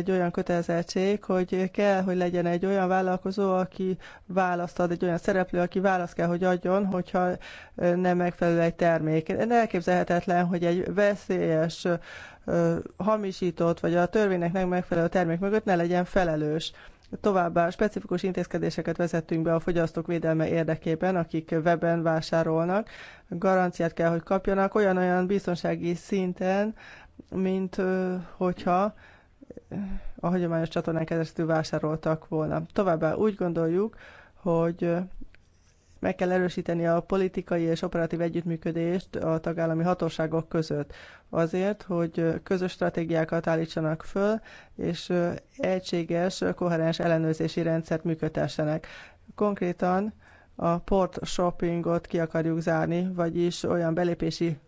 egy olyan kötelezettség, hogy kell, hogy legyen egy olyan vállalkozó, aki választ ad, egy olyan szereplő, aki választ kell, hogy adjon, hogyha nem megfelelő egy termék. Elképzelhetetlen, hogy egy veszélyes, hamisított, vagy a törvénynek nem megfelelő termék mögött ne legyen felelős. Továbbá specifikus intézkedéseket vezettünk be a fogyasztók védelme érdekében, akik weben vásárolnak. Garanciát kell, hogy kapjanak olyan-olyan biztonsági szinten, mint hogyha a hagyományos csatornán keresztül vásároltak volna. Továbbá úgy gondoljuk, hogy meg kell erősíteni a politikai és operatív együttműködést a tagállami hatóságok között azért, hogy közös stratégiákat állítsanak föl, és egységes, koherens ellenőrzési rendszert működtessenek. Konkrétan a port shoppingot ki akarjuk zárni, vagyis olyan belépési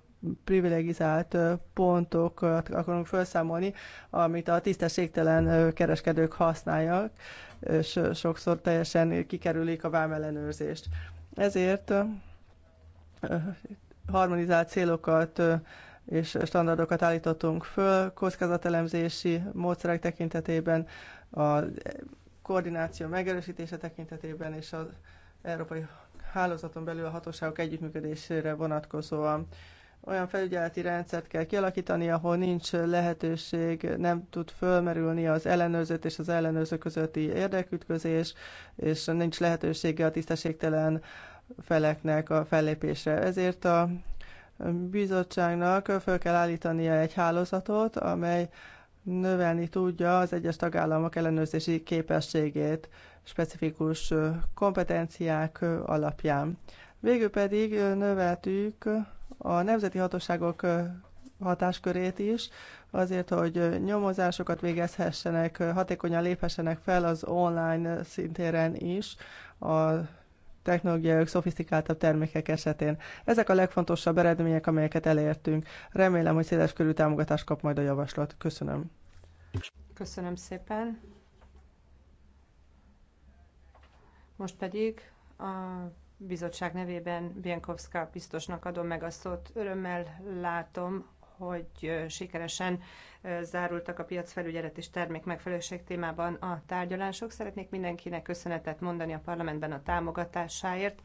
privilegizált pontokat akarunk felszámolni, amit a tisztességtelen kereskedők használják, és sokszor teljesen kikerülik a vámellenőrzést. Ezért harmonizált célokat és standardokat állítottunk föl kockázatelemzési módszerek tekintetében, a koordináció megerősítése tekintetében és az európai hálózaton belül a hatóságok együttműködésére vonatkozóan olyan felügyeleti rendszert kell kialakítani, ahol nincs lehetőség, nem tud fölmerülni az ellenőrzött és az ellenőrző közötti érdekütközés, és nincs lehetősége a tisztességtelen feleknek a fellépésre. Ezért a bizottságnak föl kell állítania egy hálózatot, amely növelni tudja az egyes tagállamok ellenőrzési képességét specifikus kompetenciák alapján. Végül pedig növeltük a nemzeti hatóságok hatáskörét is, azért, hogy nyomozásokat végezhessenek, hatékonyan léphessenek fel az online szintéren is a technológiai szofisztikáltabb termékek esetén. Ezek a legfontosabb eredmények, amelyeket elértünk. Remélem, hogy széles körű támogatást kap majd a javaslat. Köszönöm. Köszönöm szépen. Most pedig a bizottság nevében Bienkowska biztosnak adom meg a szót. Örömmel látom, hogy sikeresen zárultak a piacfelügyelet és termék megfelelőség témában a tárgyalások. Szeretnék mindenkinek köszönetet mondani a parlamentben a támogatásáért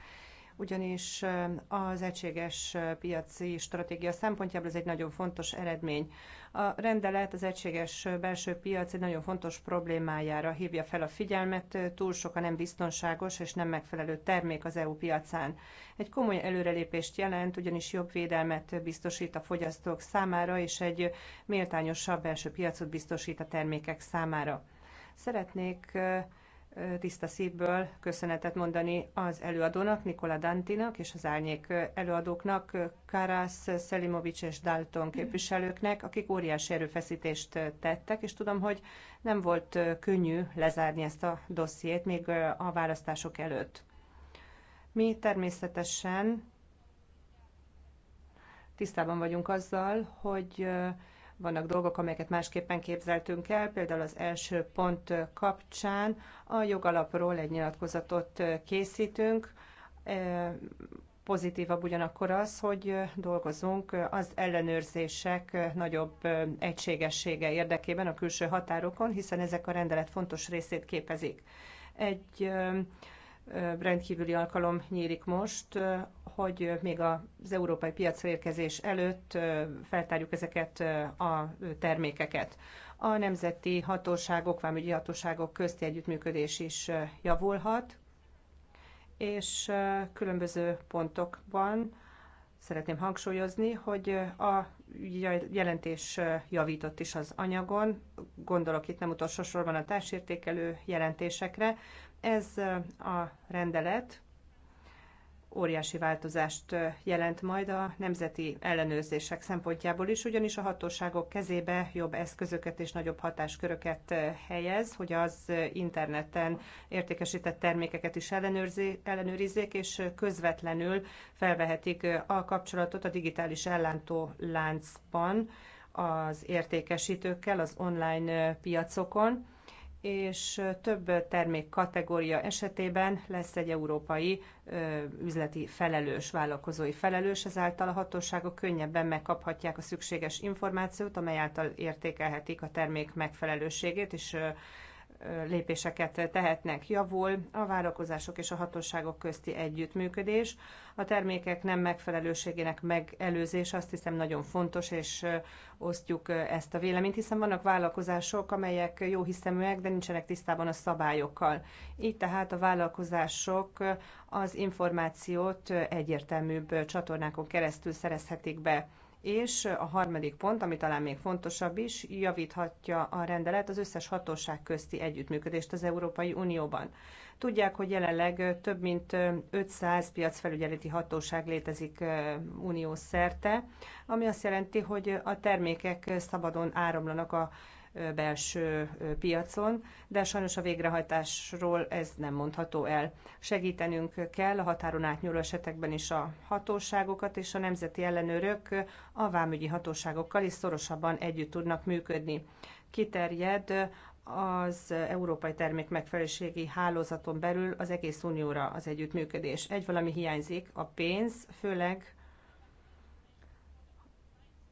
ugyanis az egységes piaci stratégia szempontjából ez egy nagyon fontos eredmény. A rendelet az egységes belső piac egy nagyon fontos problémájára hívja fel a figyelmet, túl sok a nem biztonságos és nem megfelelő termék az EU piacán. Egy komoly előrelépést jelent, ugyanis jobb védelmet biztosít a fogyasztók számára, és egy méltányosabb belső piacot biztosít a termékek számára. Szeretnék tiszta szívből köszönetet mondani az előadónak, Nikola Dantinak és az árnyék előadóknak, Karász, Szelimovics és Dalton képviselőknek, akik óriási erőfeszítést tettek, és tudom, hogy nem volt könnyű lezárni ezt a dossziét még a választások előtt. Mi természetesen tisztában vagyunk azzal, hogy vannak dolgok, amelyeket másképpen képzeltünk el, például az első pont kapcsán a jogalapról egy nyilatkozatot készítünk. E, pozitívabb ugyanakkor az, hogy dolgozunk az ellenőrzések nagyobb egységessége érdekében a külső határokon, hiszen ezek a rendelet fontos részét képezik. Egy rendkívüli alkalom nyílik most, hogy még az európai piacra érkezés előtt feltárjuk ezeket a termékeket. A nemzeti hatóságok, vámügyi hatóságok közti együttműködés is javulhat, és különböző pontokban szeretném hangsúlyozni, hogy a jelentés javított is az anyagon, gondolok itt nem utolsó sorban a társértékelő jelentésekre, ez a rendelet óriási változást jelent majd a nemzeti ellenőrzések szempontjából is, ugyanis a hatóságok kezébe jobb eszközöket és nagyobb hatásköröket helyez, hogy az interneten értékesített termékeket is ellenőrizzék, és közvetlenül felvehetik a kapcsolatot a digitális ellántó láncban az értékesítőkkel az online piacokon és több termék kategória esetében lesz egy európai üzleti felelős, vállalkozói felelős, ezáltal a hatóságok könnyebben megkaphatják a szükséges információt, amely által értékelhetik a termék megfelelőségét, és lépéseket tehetnek. Javul a várakozások és a hatóságok közti együttműködés. A termékek nem megfelelőségének megelőzés azt hiszem nagyon fontos, és osztjuk ezt a véleményt, hiszen vannak vállalkozások, amelyek jó hiszeműek, de nincsenek tisztában a szabályokkal. Így tehát a vállalkozások az információt egyértelműbb csatornákon keresztül szerezhetik be és a harmadik pont, ami talán még fontosabb is, javíthatja a rendelet az összes hatóság közti együttműködést az Európai Unióban. Tudják, hogy jelenleg több mint 500 piacfelügyeleti hatóság létezik uniós szerte, ami azt jelenti, hogy a termékek szabadon áramlanak a belső piacon, de sajnos a végrehajtásról ez nem mondható el. Segítenünk kell a határon átnyúló esetekben is a hatóságokat, és a nemzeti ellenőrök a vámügyi hatóságokkal is szorosabban együtt tudnak működni. Kiterjed az európai termék megfelelőségi hálózaton belül az egész unióra az együttműködés. Egy valami hiányzik, a pénz, főleg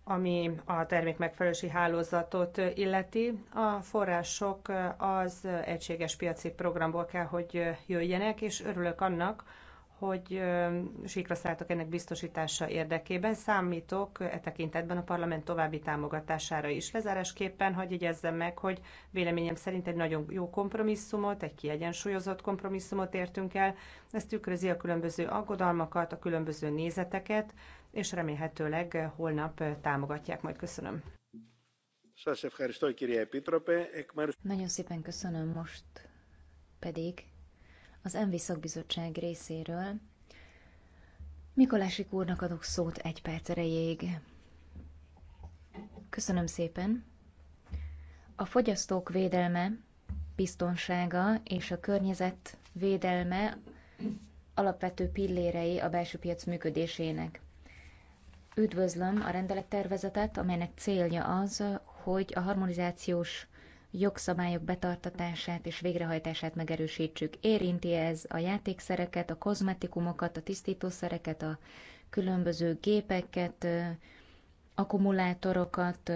ami a termék megfelelési hálózatot illeti. A források az egységes piaci programból kell, hogy jöjjenek, és örülök annak, hogy sikra szálltok ennek biztosítása érdekében. Számítok e tekintetben a parlament további támogatására is. Lezárásképpen hagyj jegyezzem meg, hogy véleményem szerint egy nagyon jó kompromisszumot, egy kiegyensúlyozott kompromisszumot értünk el. Ez tükrözi a különböző aggodalmakat, a különböző nézeteket, és remélhetőleg holnap támogatják majd. Köszönöm. Nagyon szépen köszönöm most pedig az MV szakbizottság részéről. Mikolásik úrnak adok szót egy perc erejéig. Köszönöm szépen. A fogyasztók védelme, biztonsága és a környezet védelme alapvető pillérei a belső piac működésének. Üdvözlöm a rendelettervezetet, amelynek célja az, hogy a harmonizációs jogszabályok betartatását és végrehajtását megerősítsük. Érinti ez a játékszereket, a kozmetikumokat, a tisztítószereket, a különböző gépeket, akkumulátorokat,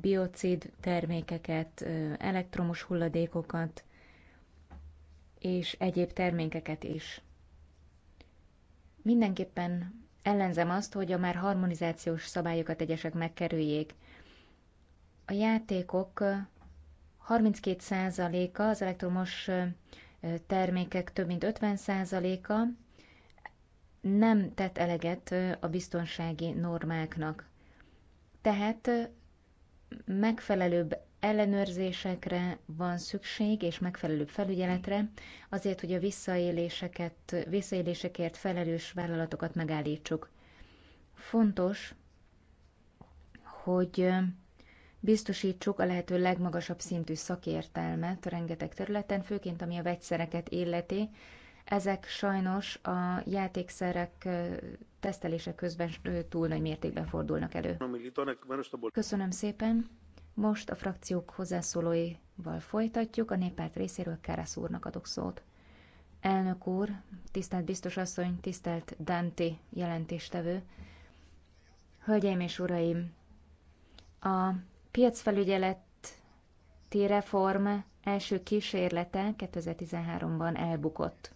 biocid termékeket, elektromos hulladékokat és egyéb termékeket is. Mindenképpen ellenzem azt, hogy a már harmonizációs szabályokat egyesek megkerüljék. A játékok 32%-a, az elektromos termékek több mint 50%-a nem tett eleget a biztonsági normáknak. Tehát megfelelőbb ellenőrzésekre van szükség, és megfelelő felügyeletre, azért, hogy a visszaéléseket, visszaélésekért felelős vállalatokat megállítsuk. Fontos, hogy biztosítsuk a lehető legmagasabb szintű szakértelmet rengeteg területen, főként ami a vegyszereket illeti. Ezek sajnos a játékszerek tesztelése közben túl nagy mértékben fordulnak elő. Köszönöm szépen! Most a frakciók hozzászólóival folytatjuk. A néppárt részéről Kárász úrnak adok szót. Elnök úr, tisztelt biztos asszony, tisztelt Dante jelentéstevő. Hölgyeim és uraim, a piacfelügyeleti reform első kísérlete 2013-ban elbukott.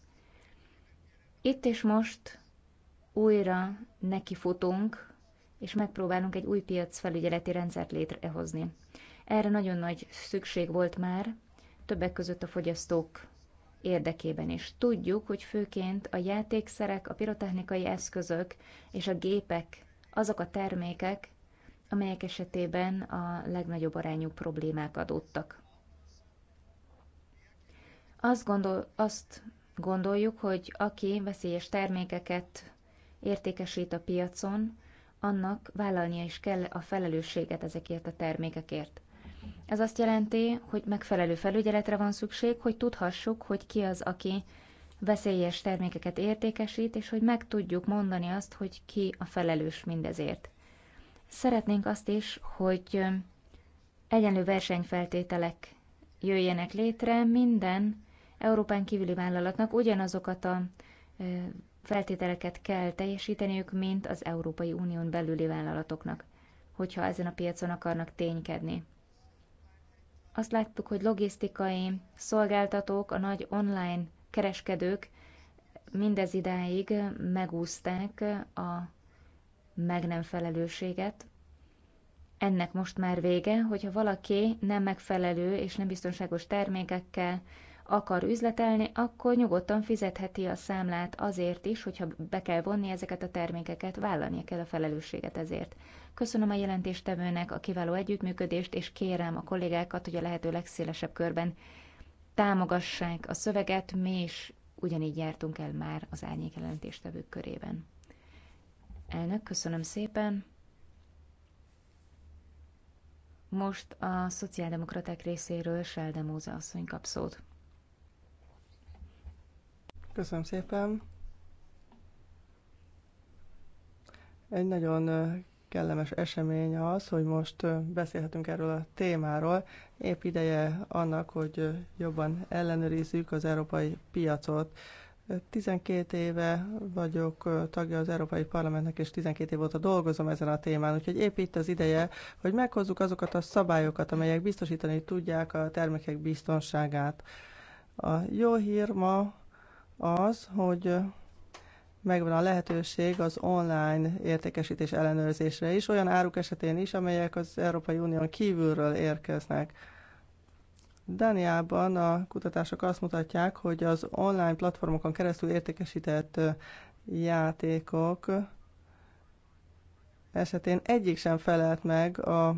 Itt és most újra nekifutunk és megpróbálunk egy új piacfelügyeleti rendszert létrehozni. Erre nagyon nagy szükség volt már, többek között a fogyasztók érdekében is. Tudjuk, hogy főként a játékszerek, a pirotechnikai eszközök és a gépek azok a termékek, amelyek esetében a legnagyobb arányú problémák adódtak. Azt, gondol, azt gondoljuk, hogy aki veszélyes termékeket értékesít a piacon, annak vállalnia is kell a felelősséget ezekért a termékekért. Ez azt jelenti, hogy megfelelő felügyeletre van szükség, hogy tudhassuk, hogy ki az, aki veszélyes termékeket értékesít, és hogy meg tudjuk mondani azt, hogy ki a felelős mindezért. Szeretnénk azt is, hogy egyenlő versenyfeltételek jöjjenek létre minden Európán kívüli vállalatnak ugyanazokat a feltételeket kell teljesíteniük, mint az Európai Unión belüli vállalatoknak, hogyha ezen a piacon akarnak ténykedni. Azt láttuk, hogy logisztikai szolgáltatók, a nagy online kereskedők mindez idáig megúzták a meg nem felelősséget. Ennek most már vége, hogyha valaki nem megfelelő és nem biztonságos termékekkel, akar üzletelni, akkor nyugodtan fizetheti a számlát azért is, hogyha be kell vonni ezeket a termékeket, vállalnia kell a felelősséget ezért. Köszönöm a jelentéstevőnek a kiváló együttműködést, és kérem a kollégákat, hogy a lehető legszélesebb körben támogassák a szöveget, mi is ugyanígy jártunk el már az árnyék jelentéstevők körében. Elnök, köszönöm szépen! Most a szociáldemokraták részéről Seldemóza asszony kap szót. Köszönöm szépen. Egy nagyon kellemes esemény az, hogy most beszélhetünk erről a témáról. Épp ideje annak, hogy jobban ellenőrizzük az európai piacot. 12 éve vagyok tagja az Európai Parlamentnek, és 12 év óta dolgozom ezen a témán, úgyhogy épp itt az ideje, hogy meghozzuk azokat a szabályokat, amelyek biztosítani tudják a termékek biztonságát. A jó hír ma az, hogy megvan a lehetőség az online értékesítés ellenőrzésre is, olyan áruk esetén is, amelyek az Európai Unión kívülről érkeznek. Dániában a kutatások azt mutatják, hogy az online platformokon keresztül értékesített játékok esetén egyik sem felelt meg a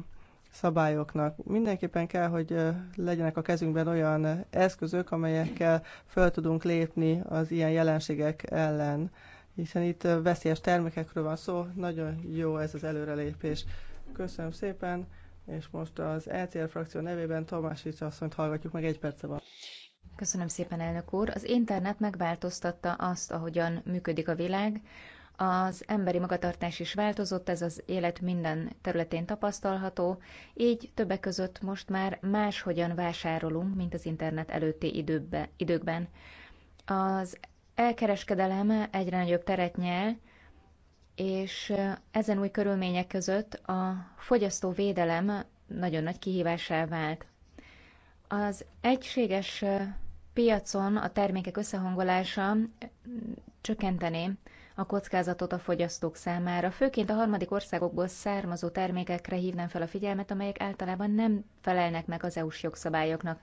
szabályoknak. Mindenképpen kell, hogy legyenek a kezünkben olyan eszközök, amelyekkel föl tudunk lépni az ilyen jelenségek ellen, hiszen itt veszélyes termékekről van szó, nagyon jó ez az előrelépés. Köszönöm szépen, és most az ECR frakció nevében Tomásics asszonyt hallgatjuk meg egy perce van. Köszönöm szépen, elnök úr. Az internet megváltoztatta azt, ahogyan működik a világ. Az emberi magatartás is változott, ez az élet minden területén tapasztalható, így többek között most már máshogyan vásárolunk, mint az internet előtti időbe, időkben. Az elkereskedelem egyre nagyobb teret nyel, és ezen új körülmények között a fogyasztó védelem nagyon nagy kihívásá vált. Az egységes piacon a termékek összehangolása csökkenteni a kockázatot a fogyasztók számára. Főként a harmadik országokból származó termékekre hívnám fel a figyelmet, amelyek általában nem felelnek meg az EU-s jogszabályoknak.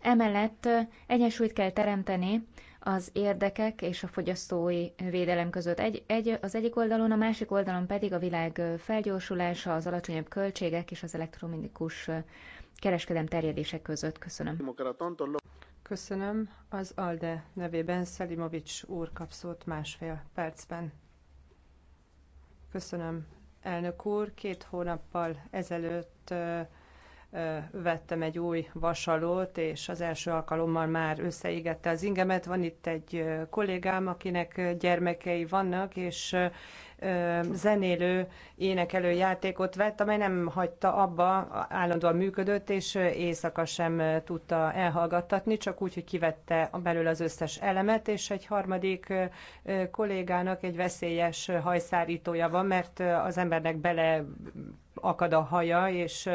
Emellett egyensúlyt kell teremteni az érdekek és a fogyasztói védelem között. Egy, egy, az egyik oldalon, a másik oldalon pedig a világ felgyorsulása, az alacsonyabb költségek és az elektronikus kereskedelem terjedése között. Köszönöm. Köszönöm. Az ALDE nevében Szelimovics úr kap szót másfél percben. Köszönöm, elnök úr. Két hónappal ezelőtt vettem egy új vasalót, és az első alkalommal már összeégette az ingemet. Van itt egy kollégám, akinek gyermekei vannak, és zenélő, énekelő játékot vett, amely nem hagyta abba, állandóan működött, és éjszaka sem tudta elhallgattatni, csak úgy, hogy kivette belőle az összes elemet, és egy harmadik kollégának egy veszélyes hajszárítója van, mert az embernek bele akad a haja, és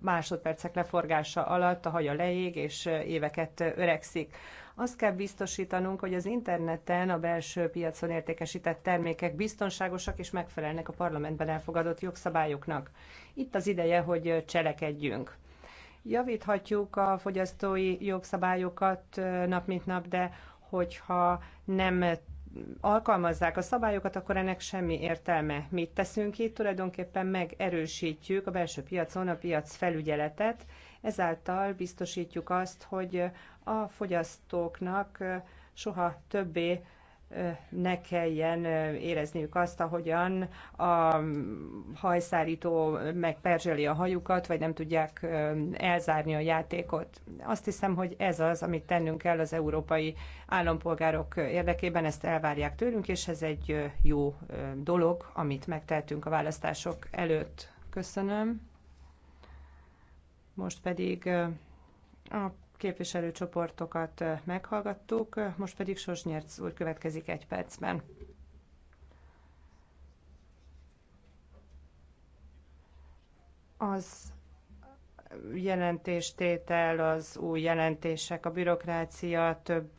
másodpercek leforgása alatt a haja leég, és éveket öregszik. Azt kell biztosítanunk, hogy az interneten a belső piacon értékesített termékek biztonságosak és megfelelnek a parlamentben elfogadott jogszabályoknak. Itt az ideje, hogy cselekedjünk javíthatjuk a fogyasztói jogszabályokat nap mint nap, de hogyha nem alkalmazzák a szabályokat, akkor ennek semmi értelme. Mit teszünk itt? Tulajdonképpen megerősítjük a belső piacon a piac felügyeletet, ezáltal biztosítjuk azt, hogy a fogyasztóknak soha többé ne kelljen érezniük azt, ahogyan a hajszárító megperzseli a hajukat, vagy nem tudják elzárni a játékot. Azt hiszem, hogy ez az, amit tennünk kell az európai állampolgárok érdekében, ezt elvárják tőlünk, és ez egy jó dolog, amit megtehetünk a választások előtt. Köszönöm. Most pedig a képviselőcsoportokat meghallgattuk, most pedig Sosnyerc úr következik egy percben. Az jelentéstétel, az új jelentések, a bürokrácia, több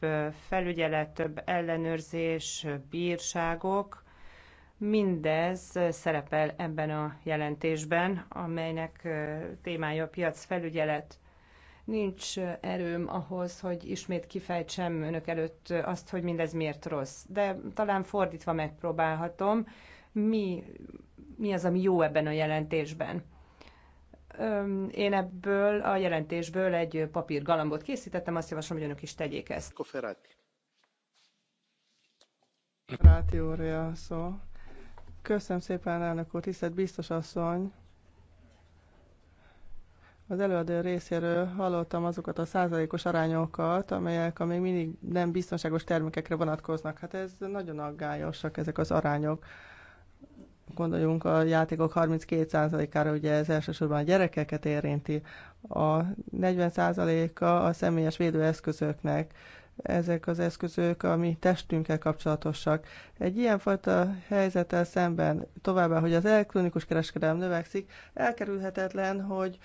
felügyelet, több ellenőrzés, bírságok, mindez szerepel ebben a jelentésben, amelynek témája a piac felügyelet. Nincs erőm ahhoz, hogy ismét kifejtsem önök előtt azt, hogy mindez miért rossz. De talán fordítva megpróbálhatom, mi, mi az, ami jó ebben a jelentésben. Én ebből a jelentésből egy papírgalambot készítettem, azt javaslom, hogy önök is tegyék ezt. Koferáti. Ráti úr, szó. Köszönöm szépen, elnök úr, tisztelt biztos asszony. Az előadó részéről hallottam azokat a százalékos arányokat, amelyek a még mindig nem biztonságos termékekre vonatkoznak. Hát ez nagyon aggályosak ezek az arányok. Gondoljunk a játékok 32%-ára, ugye ez elsősorban a gyerekeket érinti. A 40%-a a személyes védőeszközöknek ezek az eszközök a mi testünkkel kapcsolatosak. Egy ilyenfajta helyzettel szemben, továbbá, hogy az elektronikus kereskedelem növekszik, elkerülhetetlen, hogy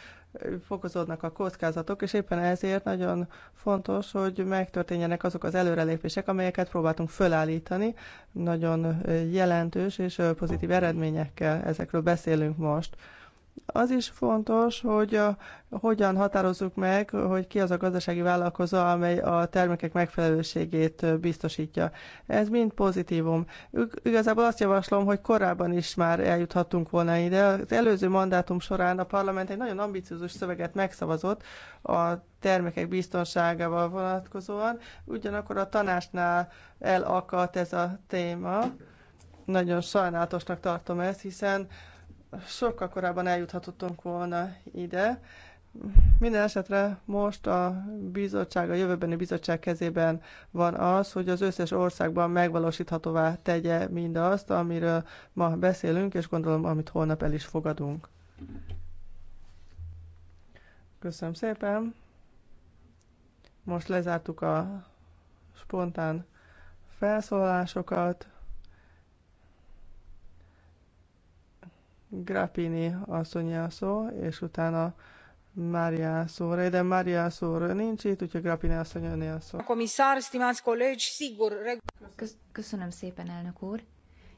fokozódnak a kockázatok, és éppen ezért nagyon fontos, hogy megtörténjenek azok az előrelépések, amelyeket próbáltunk fölállítani, nagyon jelentős és pozitív eredményekkel ezekről beszélünk most. Az is fontos, hogy a, hogyan határozzuk meg, hogy ki az a gazdasági vállalkozó, amely a termékek megfelelőségét biztosítja. Ez mind pozitívum. Igazából azt javaslom, hogy korábban is már eljuthattunk volna ide. Az előző mandátum során a parlament egy nagyon ambiciózus szöveget megszavazott a termékek biztonságával vonatkozóan, ugyanakkor a tanácsnál elakadt ez a téma. Nagyon sajnálatosnak tartom ezt, hiszen sokkal korábban eljuthatottunk volna ide. Minden esetre most a bizottság, a jövőbeni bizottság kezében van az, hogy az összes országban megvalósíthatóvá tegye mindazt, amiről ma beszélünk, és gondolom, amit holnap el is fogadunk. Köszönöm szépen. Most lezártuk a spontán felszólásokat. Grappini asszonyja szó, és utána Maria szóra, de Maria szóra nincs itt, úgyhogy Grappini asszony A szó. Komisár, stimați colegi, sigur... Köszönöm szépen, elnök úr,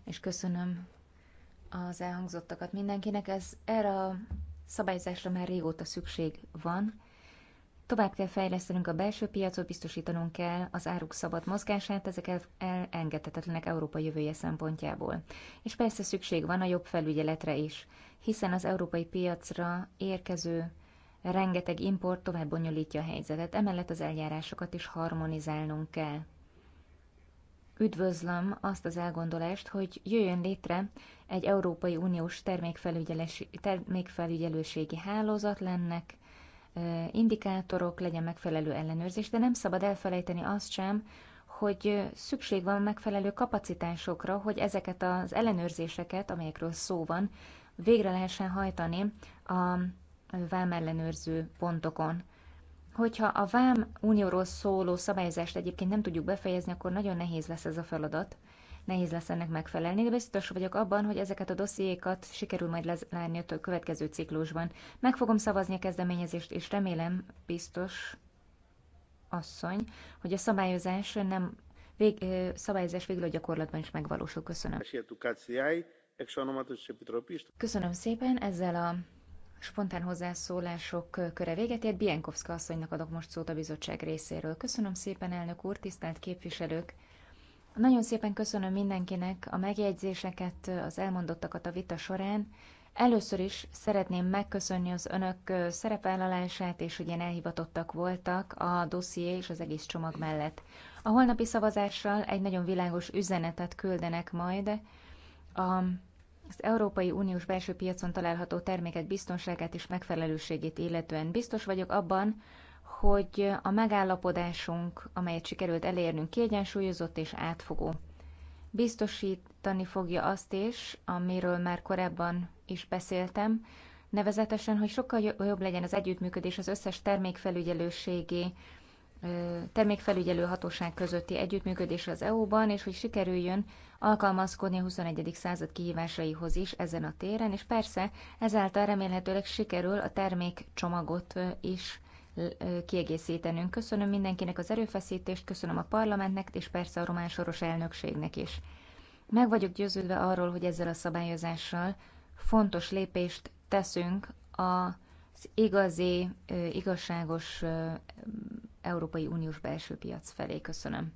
és köszönöm az elhangzottakat mindenkinek. Ez erre a szabályzásra már régóta szükség van, Tovább kell fejlesztenünk a belső piacot, biztosítanunk kell az áruk szabad mozgását, ezek elengedhetetlenek Európa jövője szempontjából. És persze szükség van a jobb felügyeletre is, hiszen az európai piacra érkező rengeteg import tovább bonyolítja a helyzetet, emellett az eljárásokat is harmonizálnunk kell. Üdvözlöm azt az elgondolást, hogy jöjjön létre egy Európai Uniós termékfelügyelőségi hálózat lennek, indikátorok, legyen megfelelő ellenőrzés, de nem szabad elfelejteni azt sem, hogy szükség van megfelelő kapacitásokra, hogy ezeket az ellenőrzéseket, amelyekről szó van, végre lehessen hajtani a vámellenőrző pontokon. Hogyha a vám unióról szóló szabályzást egyébként nem tudjuk befejezni, akkor nagyon nehéz lesz ez a feladat, nehéz lesz ennek megfelelni, de biztos vagyok abban, hogy ezeket a dossziékat sikerül majd lezárni a következő ciklusban. Meg fogom szavazni a kezdeményezést, és remélem, biztos asszony, hogy a szabályozás nem vég, szabályozás végül a gyakorlatban is megvalósul. Köszönöm. Köszönöm szépen, ezzel a spontán hozzászólások köre véget ért. Bienkowska asszonynak adok most szót a bizottság részéről. Köszönöm szépen, elnök úr, tisztelt képviselők! Nagyon szépen köszönöm mindenkinek a megjegyzéseket, az elmondottakat a vita során. Először is szeretném megköszönni az önök szerepvállalását, és hogy ilyen elhivatottak voltak a dosszié és az egész csomag mellett. A holnapi szavazással egy nagyon világos üzenetet küldenek majd a az Európai Uniós belső piacon található termékek biztonságát és megfelelőségét illetően biztos vagyok abban, hogy a megállapodásunk, amelyet sikerült elérnünk, kiegyensúlyozott és átfogó. Biztosítani fogja azt is, amiről már korábban is beszéltem, nevezetesen, hogy sokkal jobb legyen az együttműködés az összes termékfelügyelőségi termékfelügyelő hatóság közötti együttműködés az EU-ban, és hogy sikerüljön alkalmazkodni a 21. század kihívásaihoz is ezen a téren, és persze ezáltal remélhetőleg sikerül a termékcsomagot is kiegészítenünk. Köszönöm mindenkinek az erőfeszítést, köszönöm a parlamentnek, és persze a román soros elnökségnek is. Meg vagyok győződve arról, hogy ezzel a szabályozással fontos lépést teszünk az igazi, igazságos Európai Uniós belső piac felé. Köszönöm.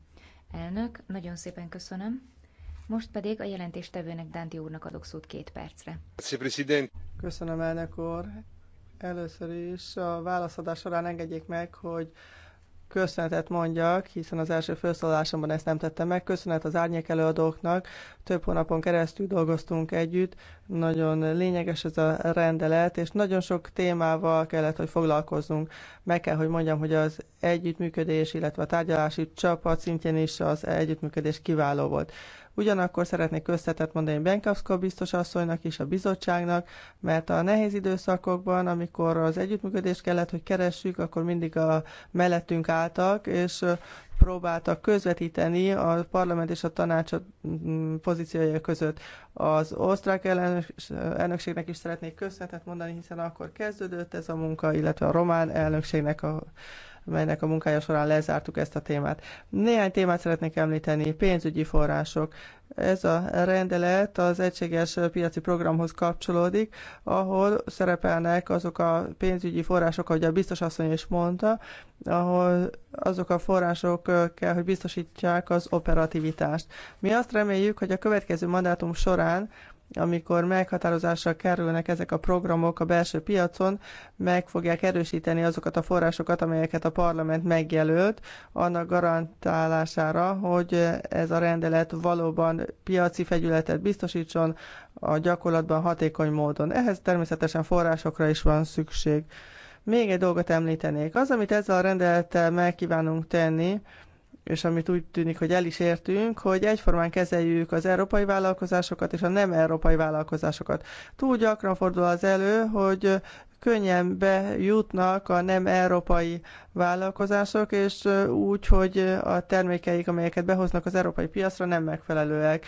Elnök, nagyon szépen köszönöm. Most pedig a jelentéstevőnek Dánti úrnak adok szót két percre. Köszönöm, elnök úr. Először is a válaszadás során engedjék meg, hogy köszönetet mondjak, hiszen az első felszólalásomban ezt nem tettem meg. Köszönet az árnyék előadóknak, több hónapon keresztül dolgoztunk együtt, nagyon lényeges ez a rendelet, és nagyon sok témával kellett, hogy foglalkozzunk. Meg kell, hogy mondjam, hogy az együttműködés, illetve a tárgyalási csapat szintjén is az együttműködés kiváló volt. Ugyanakkor szeretnék összetett mondani Benkovszka biztos asszonynak és a bizottságnak, mert a nehéz időszakokban, amikor az együttműködést kellett, hogy keressük, akkor mindig a mellettünk álltak, és próbáltak közvetíteni a parlament és a tanács mm, pozíciója között. Az osztrák elnökségnek is szeretnék köszönetet mondani, hiszen akkor kezdődött ez a munka, illetve a román elnökségnek a melynek a munkája során lezártuk ezt a témát. Néhány témát szeretnék említeni, pénzügyi források. Ez a rendelet az egységes piaci programhoz kapcsolódik, ahol szerepelnek azok a pénzügyi források, ahogy a biztos asszony is mondta, ahol azok a források kell, hogy biztosítsák az operativitást. Mi azt reméljük, hogy a következő mandátum során amikor meghatározásra kerülnek ezek a programok a belső piacon, meg fogják erősíteni azokat a forrásokat, amelyeket a parlament megjelölt, annak garantálására, hogy ez a rendelet valóban piaci fegyületet biztosítson a gyakorlatban hatékony módon. Ehhez természetesen forrásokra is van szükség. Még egy dolgot említenék. Az, amit ezzel a rendelettel meg kívánunk tenni, és amit úgy tűnik, hogy el is értünk, hogy egyformán kezeljük az európai vállalkozásokat és a nem európai vállalkozásokat. Túl gyakran fordul az elő, hogy könnyen bejutnak a nem európai vállalkozások, és úgy, hogy a termékeik, amelyeket behoznak az európai piacra, nem megfelelőek.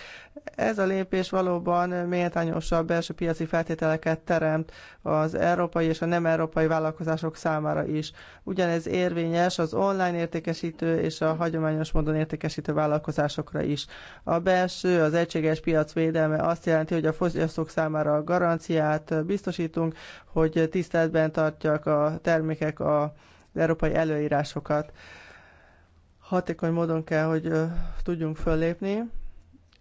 Ez a lépés valóban méltányosabb belső piaci feltételeket teremt az európai és a nem európai vállalkozások számára is. Ugyanez érvényes az online értékesítő és a hagyományos módon értékesítő vállalkozásokra is. A belső, az egységes piac védelme azt jelenti, hogy a fogyasztók számára a garanciát biztosítunk, hogy 10 tiszteletben tartják a termékek a, az európai előírásokat. Hatékony módon kell, hogy tudjunk föllépni,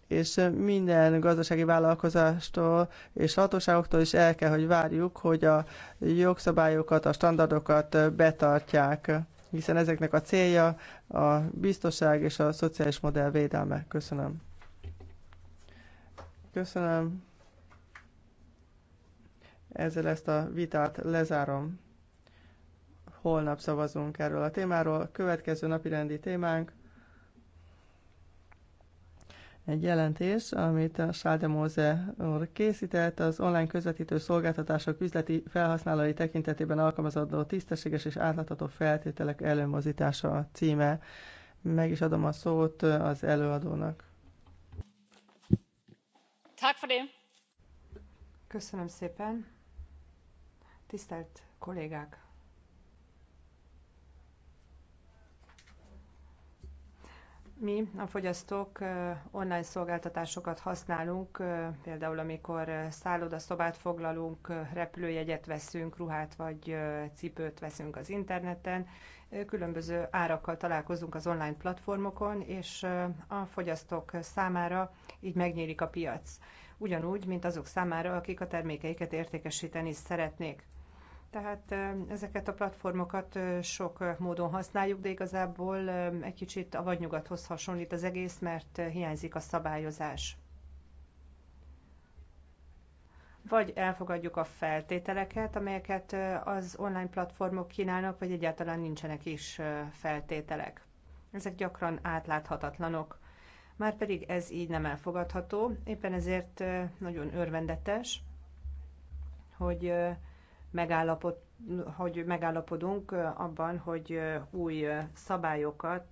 és minden gazdasági vállalkozástól és hatóságoktól is el kell, hogy várjuk, hogy a jogszabályokat, a standardokat betartják, hiszen ezeknek a célja a biztonság és a szociális modell védelme. Köszönöm. Köszönöm. Ezzel ezt a vitát lezárom. Holnap szavazunk erről a témáról. Következő napirendi témánk egy jelentés, amit a Sáldemóze úr készített, az online közvetítő szolgáltatások üzleti felhasználói tekintetében alkalmazandó tisztességes és átlátható feltételek előmozítása a címe. Meg is adom a szót az előadónak. Köszönöm szépen. Tisztelt kollégák! Mi, a fogyasztók online szolgáltatásokat használunk, például amikor szállodaszobát foglalunk, repülőjegyet veszünk, ruhát vagy cipőt veszünk az interneten, különböző árakkal találkozunk az online platformokon, és a fogyasztók számára így megnyílik a piac. Ugyanúgy, mint azok számára, akik a termékeiket értékesíteni szeretnék. Tehát ezeket a platformokat sok módon használjuk, de igazából egy kicsit a vadnyugathoz hasonlít az egész, mert hiányzik a szabályozás. Vagy elfogadjuk a feltételeket, amelyeket az online platformok kínálnak, vagy egyáltalán nincsenek is feltételek. Ezek gyakran átláthatatlanok. Márpedig ez így nem elfogadható, éppen ezért nagyon örvendetes, hogy megállapod, hogy megállapodunk abban, hogy új szabályokat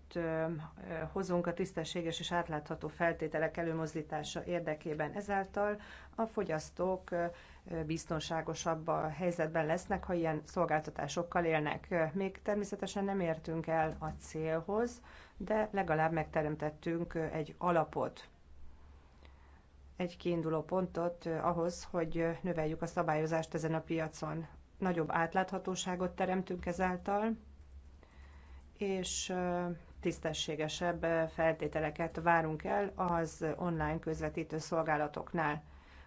hozunk a tisztességes és átlátható feltételek előmozdítása érdekében. Ezáltal a fogyasztók biztonságosabb a helyzetben lesznek, ha ilyen szolgáltatásokkal élnek. Még természetesen nem értünk el a célhoz, de legalább megteremtettünk egy alapot egy kiinduló pontot ahhoz, hogy növeljük a szabályozást ezen a piacon. Nagyobb átláthatóságot teremtünk ezáltal, és tisztességesebb feltételeket várunk el az online közvetítő szolgálatoknál.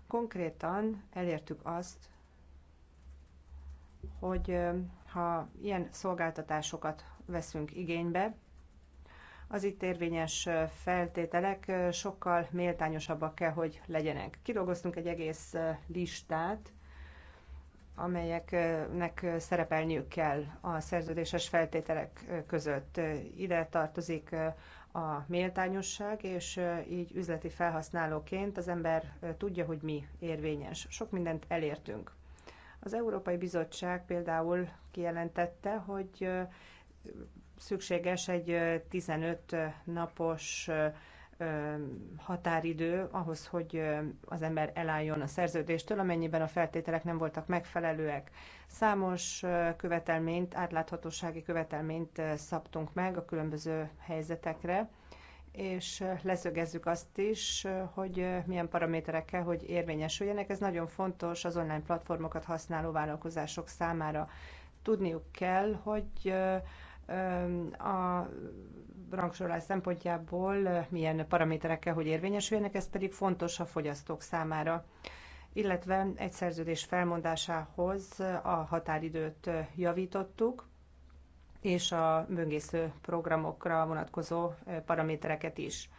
Konkrétan elértük azt, hogy ha ilyen szolgáltatásokat veszünk igénybe, az itt érvényes feltételek sokkal méltányosabbak kell, hogy legyenek. Kidolgoztunk egy egész listát, amelyeknek szerepelniük kell a szerződéses feltételek között. Ide tartozik a méltányosság, és így üzleti felhasználóként az ember tudja, hogy mi érvényes. Sok mindent elértünk. Az Európai Bizottság például kijelentette, hogy szükséges egy 15 napos határidő ahhoz, hogy az ember elálljon a szerződéstől, amennyiben a feltételek nem voltak megfelelőek. Számos követelményt, átláthatósági követelményt szabtunk meg a különböző helyzetekre, és leszögezzük azt is, hogy milyen paraméterekkel, hogy érvényesüljenek. Ez nagyon fontos az online platformokat használó vállalkozások számára. Tudniuk kell, hogy a rangsorolás szempontjából milyen paraméterekkel, hogy érvényesüljenek, ez pedig fontos a fogyasztók számára illetve egy szerződés felmondásához a határidőt javítottuk, és a böngésző programokra vonatkozó paramétereket is.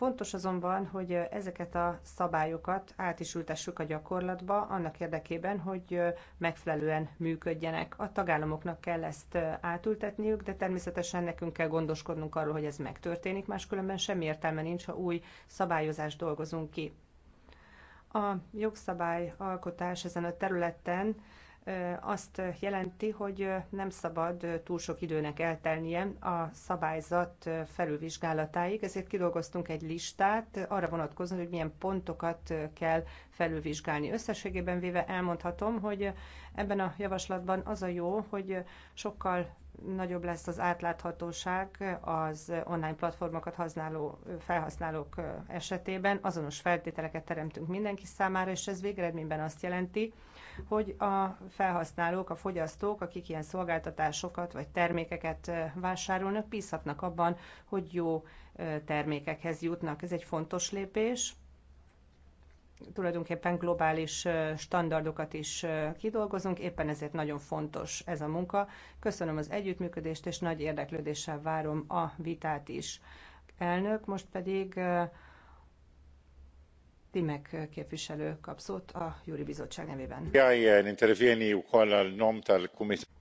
Fontos azonban, hogy ezeket a szabályokat át is ültessük a gyakorlatba, annak érdekében, hogy megfelelően működjenek. A tagállamoknak kell ezt átültetniük, de természetesen nekünk kell gondoskodnunk arról, hogy ez megtörténik, máskülönben semmi értelme nincs, ha új szabályozást dolgozunk ki. A jogszabályalkotás ezen a területen azt jelenti, hogy nem szabad túl sok időnek eltelnie a szabályzat felülvizsgálatáig, ezért kidolgoztunk egy listát arra vonatkozóan, hogy milyen pontokat kell felülvizsgálni. Összességében véve elmondhatom, hogy ebben a javaslatban az a jó, hogy sokkal nagyobb lesz az átláthatóság az online platformokat használó felhasználók esetében. Azonos feltételeket teremtünk mindenki számára, és ez végeredményben azt jelenti, hogy a felhasználók, a fogyasztók, akik ilyen szolgáltatásokat vagy termékeket vásárolnak, bízhatnak abban, hogy jó termékekhez jutnak. Ez egy fontos lépés tulajdonképpen globális standardokat is kidolgozunk, éppen ezért nagyon fontos ez a munka. Köszönöm az együttműködést, és nagy érdeklődéssel várom a vitát is. Elnök, most pedig Timek képviselő kap szót a Júri Bizottság nevében.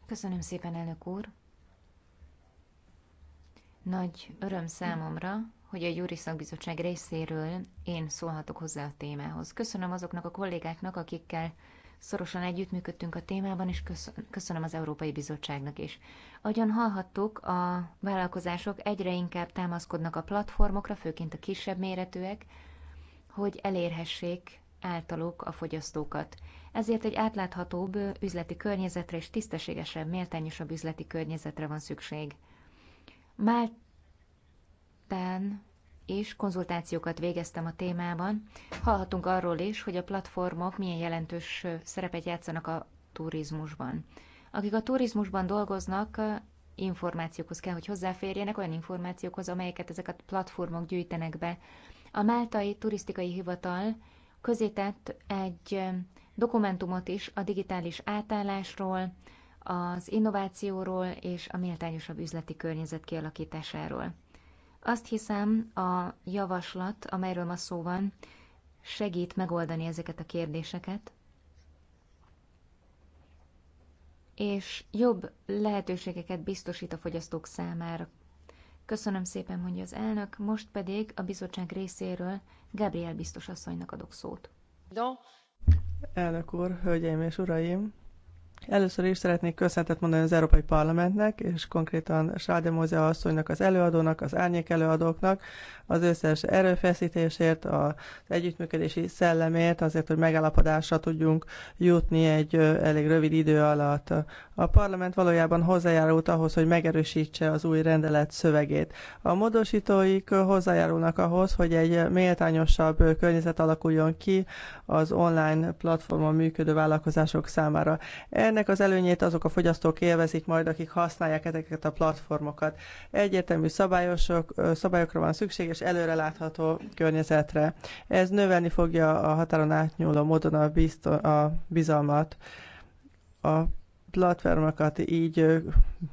Köszönöm szépen, elnök úr! Nagy öröm számomra, hogy a Júri Szakbizottság részéről én szólhatok hozzá a témához. Köszönöm azoknak a kollégáknak, akikkel szorosan együttműködtünk a témában, és köszönöm az Európai Bizottságnak is. Ahogyan hallhattuk, a vállalkozások egyre inkább támaszkodnak a platformokra, főként a kisebb méretűek, hogy elérhessék általuk a fogyasztókat. Ezért egy átláthatóbb üzleti környezetre és tisztességesebb, méltányosabb üzleti környezetre van szükség. Máltán és konzultációkat végeztem a témában. Hallhatunk arról is, hogy a platformok milyen jelentős szerepet játszanak a turizmusban. Akik a turizmusban dolgoznak, információkhoz kell, hogy hozzáférjenek, olyan információkhoz, amelyeket ezek a platformok gyűjtenek be. A Máltai Turisztikai Hivatal közített egy dokumentumot is a digitális átállásról, az innovációról és a méltányosabb üzleti környezet kialakításáról. Azt hiszem, a javaslat, amelyről ma szó van, segít megoldani ezeket a kérdéseket, és jobb lehetőségeket biztosít a fogyasztók számára. Köszönöm szépen, mondja az elnök, most pedig a bizottság részéről Gabriel biztos asszonynak adok szót. Elnök úr, hölgyeim és uraim! Először is szeretnék köszöntet mondani az Európai Parlamentnek, és konkrétan Mózea asszonynak, az előadónak, az árnyék előadóknak, az összes erőfeszítésért, az együttműködési szellemért, azért, hogy megállapodásra tudjunk jutni egy elég rövid idő alatt. A parlament valójában hozzájárult ahhoz, hogy megerősítse az új rendelet szövegét. A módosítóik hozzájárulnak ahhoz, hogy egy méltányosabb környezet alakuljon ki az online platformon működő vállalkozások számára. Ennek ennek az előnyét azok a fogyasztók élvezik majd, akik használják ezeket a platformokat. Egyértelmű szabályosok, szabályokra van szükség, és előrelátható környezetre. Ez növelni fogja a határon átnyúló módon a, bizto- a bizalmat. A platformokat így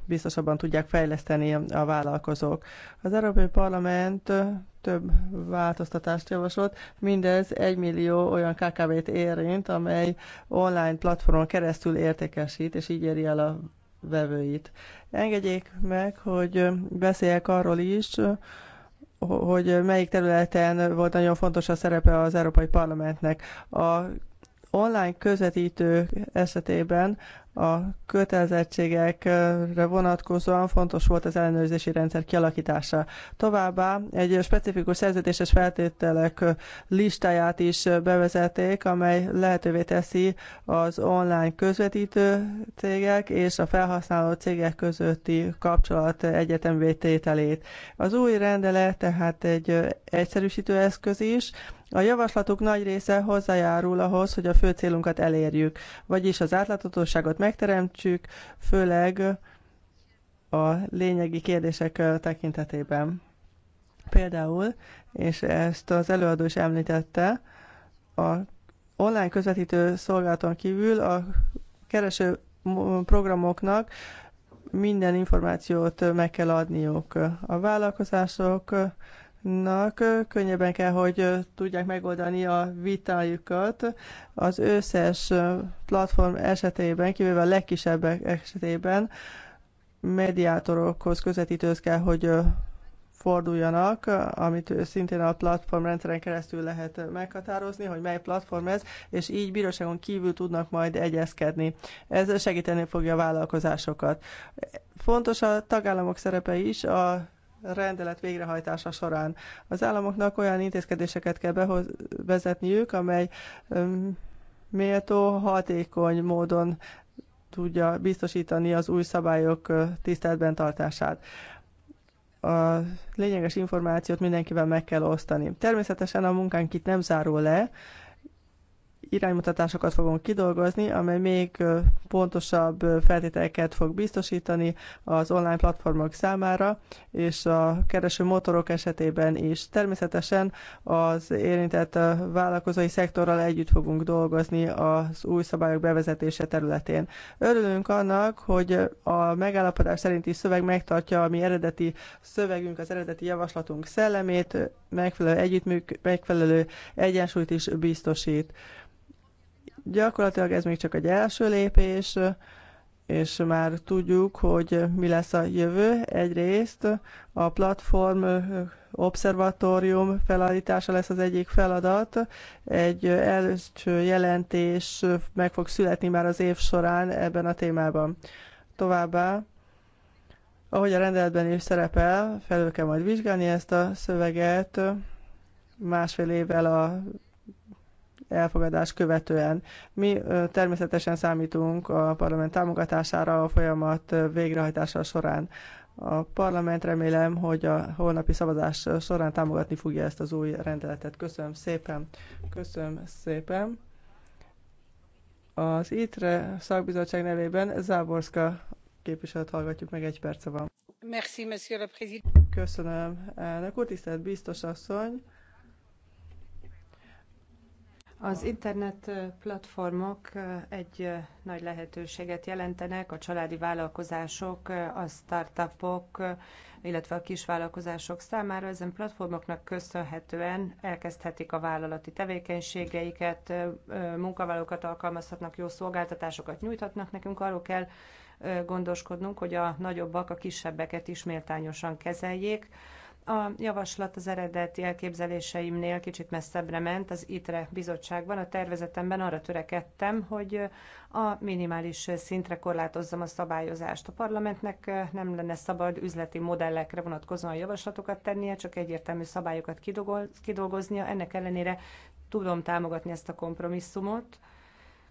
biztosabban tudják fejleszteni a vállalkozók. Az Európai Parlament több változtatást javasolt. Mindez 1 millió olyan KKV-t érint, amely online platformon keresztül értékesít, és így éri el a vevőit. Engedjék meg, hogy beszéljek arról is, hogy melyik területen volt nagyon fontos a szerepe az Európai Parlamentnek. A online közvetítő esetében a kötelezettségekre vonatkozóan fontos volt az ellenőrzési rendszer kialakítása. Továbbá egy specifikus szerződéses feltételek listáját is bevezették, amely lehetővé teszi az online közvetítő cégek és a felhasználó cégek közötti kapcsolat egyetemvétételét. Az új rendelet tehát egy egyszerűsítő eszköz is, a javaslatuk nagy része hozzájárul ahhoz, hogy a fő célunkat elérjük, vagyis az átláthatóságot megteremtsük, főleg a lényegi kérdések tekintetében. Például, és ezt az előadó is említette, a online közvetítő szolgálaton kívül a kereső programoknak minden információt meg kell adniuk. A vállalkozások nak könnyebben kell, hogy tudják megoldani a vitájukat. Az összes platform esetében, kivéve a legkisebbek esetében, mediátorokhoz, közvetítőhöz kell, hogy forduljanak, amit szintén a platform rendszeren keresztül lehet meghatározni, hogy mely platform ez, és így bíróságon kívül tudnak majd egyezkedni. Ez segíteni fogja a vállalkozásokat. Fontos a tagállamok szerepe is, a rendelet végrehajtása során. Az államoknak olyan intézkedéseket kell behoz, vezetniük, amely méltó, hatékony módon tudja biztosítani az új szabályok tiszteletben tartását a lényeges információt mindenkivel meg kell osztani. Természetesen a munkánk itt nem zárul le, iránymutatásokat fogunk kidolgozni, amely még pontosabb feltételeket fog biztosítani az online platformok számára, és a kereső motorok esetében is. Természetesen az érintett vállalkozói szektorral együtt fogunk dolgozni az új szabályok bevezetése területén. Örülünk annak, hogy a megállapodás szerinti szöveg megtartja a mi eredeti szövegünk, az eredeti javaslatunk szellemét, megfelelő, együttműk, megfelelő egyensúlyt is biztosít. Gyakorlatilag ez még csak egy első lépés, és már tudjuk, hogy mi lesz a jövő. Egyrészt a platform obszervatórium felállítása lesz az egyik feladat. Egy első jelentés meg fog születni már az év során ebben a témában. Továbbá, ahogy a rendeletben is szerepel, felül kell majd vizsgálni ezt a szöveget. Másfél évvel a elfogadás követően. Mi természetesen számítunk a parlament támogatására a folyamat végrehajtása során. A parlament remélem, hogy a holnapi szavazás során támogatni fogja ezt az új rendeletet. Köszönöm szépen. Köszönöm szépen. Az ITRE szakbizottság nevében Záborska képviselőt hallgatjuk meg, egy perce van. Merci, monsieur le président. Köszönöm, elnök úr, tisztelt biztos asszony. Az internet platformok egy nagy lehetőséget jelentenek, a családi vállalkozások, a startupok, illetve a kisvállalkozások számára. Ezen platformoknak köszönhetően elkezdhetik a vállalati tevékenységeiket, munkavállalókat alkalmazhatnak, jó szolgáltatásokat nyújthatnak. Nekünk arról kell gondoskodnunk, hogy a nagyobbak a kisebbeket is méltányosan kezeljék a javaslat az eredeti elképzeléseimnél kicsit messzebbre ment az ITRE bizottságban. A tervezetemben arra törekedtem, hogy a minimális szintre korlátozzam a szabályozást. A parlamentnek nem lenne szabad üzleti modellekre vonatkozóan javaslatokat tennie, csak egyértelmű szabályokat kidolgoznia. Ennek ellenére tudom támogatni ezt a kompromisszumot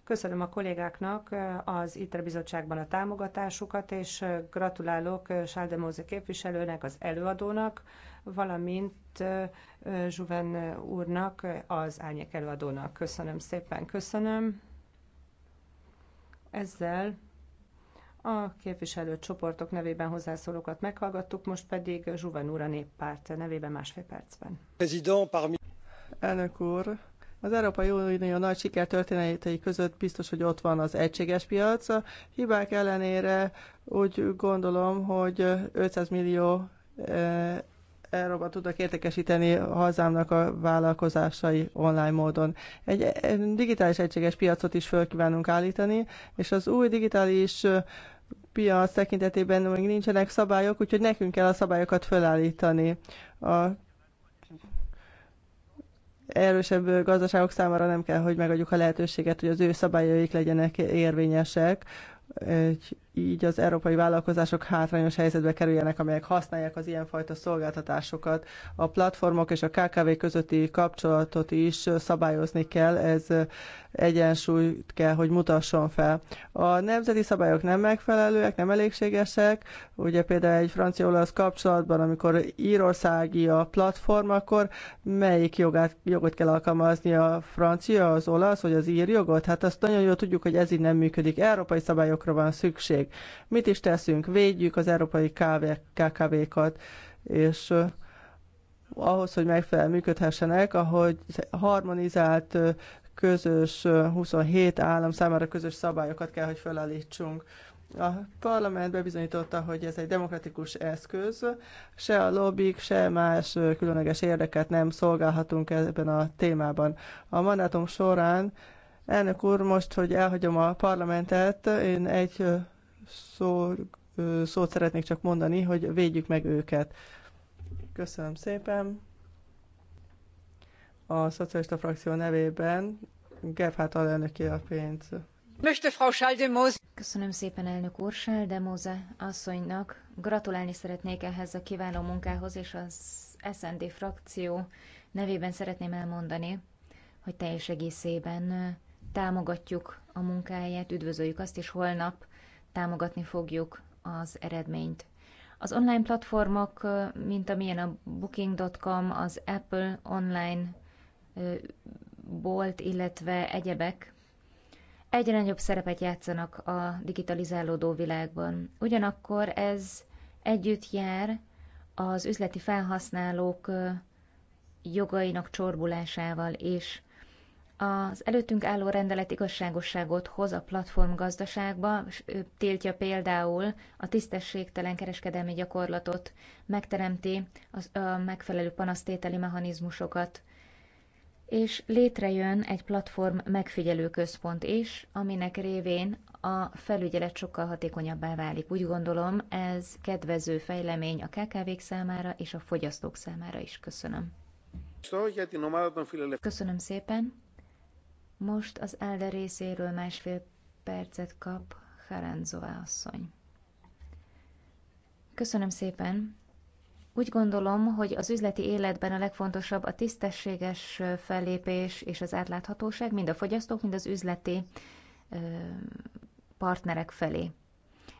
Köszönöm a kollégáknak az ITRE bizottságban a támogatásukat, és gratulálok Sáldemóze képviselőnek, az előadónak, valamint Zsuven úrnak, az árnyék előadónak. Köszönöm szépen, köszönöm. Ezzel a képviselő csoportok nevében hozzászólókat meghallgattuk, most pedig Zsuven úr a néppárt nevében másfél percben. Elnök úr, az Európai Unió nagy sikertörténetei között biztos, hogy ott van az egységes piac. A hibák ellenére úgy gondolom, hogy 500 millió e, euróban tudok értékesíteni a hazámnak a vállalkozásai online módon. Egy e, digitális egységes piacot is föl kívánunk állítani, és az új digitális e, piac tekintetében még nincsenek szabályok, úgyhogy nekünk kell a szabályokat fölállítani. A erősebb gazdaságok számára nem kell, hogy megadjuk a lehetőséget, hogy az ő szabályaik legyenek érvényesek. Egy így az európai vállalkozások hátrányos helyzetbe kerüljenek, amelyek használják az ilyenfajta szolgáltatásokat. A platformok és a KKV közötti kapcsolatot is szabályozni kell, ez egyensúlyt kell, hogy mutasson fel. A nemzeti szabályok nem megfelelőek, nem elégségesek. Ugye például egy francia-olasz kapcsolatban, amikor írországi a platform, akkor melyik jogát, jogot kell alkalmazni a francia, az olasz vagy az ír jogot? Hát azt nagyon jól tudjuk, hogy ez így nem működik. Európai szabályokra van szükség szükség. Mit is teszünk? Védjük az európai KKV-kat, és ahhoz, hogy megfelelően működhessenek, ahogy harmonizált közös 27 állam számára közös szabályokat kell, hogy felállítsunk. A parlament bebizonyította, hogy ez egy demokratikus eszköz, se a lobbik, se más különleges érdeket nem szolgálhatunk ebben a témában. A mandátum során, elnök úr, most, hogy elhagyom a parlamentet, én egy szó, szót szeretnék csak mondani, hogy védjük meg őket. Köszönöm szépen. A szocialista frakció nevében Gebhardt alelnöki a pénz. Köszönöm szépen elnök úr, Sáldemóze asszonynak. Gratulálni szeretnék ehhez a kiváló munkához, és az SND frakció nevében szeretném elmondani, hogy teljes egészében támogatjuk a munkáját, üdvözöljük azt, és holnap támogatni fogjuk az eredményt. Az online platformok, mint amilyen a Booking.com, az Apple online bolt, illetve egyebek, egyre nagyobb szerepet játszanak a digitalizálódó világban. Ugyanakkor ez együtt jár az üzleti felhasználók jogainak csorbulásával is. Az előttünk álló rendelet igazságosságot hoz a platform gazdaságba, tiltja például a tisztességtelen kereskedelmi gyakorlatot, megteremti az, a megfelelő panasztételi mechanizmusokat, és létrejön egy platform megfigyelő központ is, aminek révén a felügyelet sokkal hatékonyabbá válik. Úgy gondolom, ez kedvező fejlemény a kkv számára és a fogyasztók számára is. Köszönöm. Köszönöm szépen. Most az ELDE részéről másfél percet kap Haranzová asszony. Köszönöm szépen! Úgy gondolom, hogy az üzleti életben a legfontosabb a tisztességes fellépés és az átláthatóság mind a fogyasztók, mind az üzleti partnerek felé.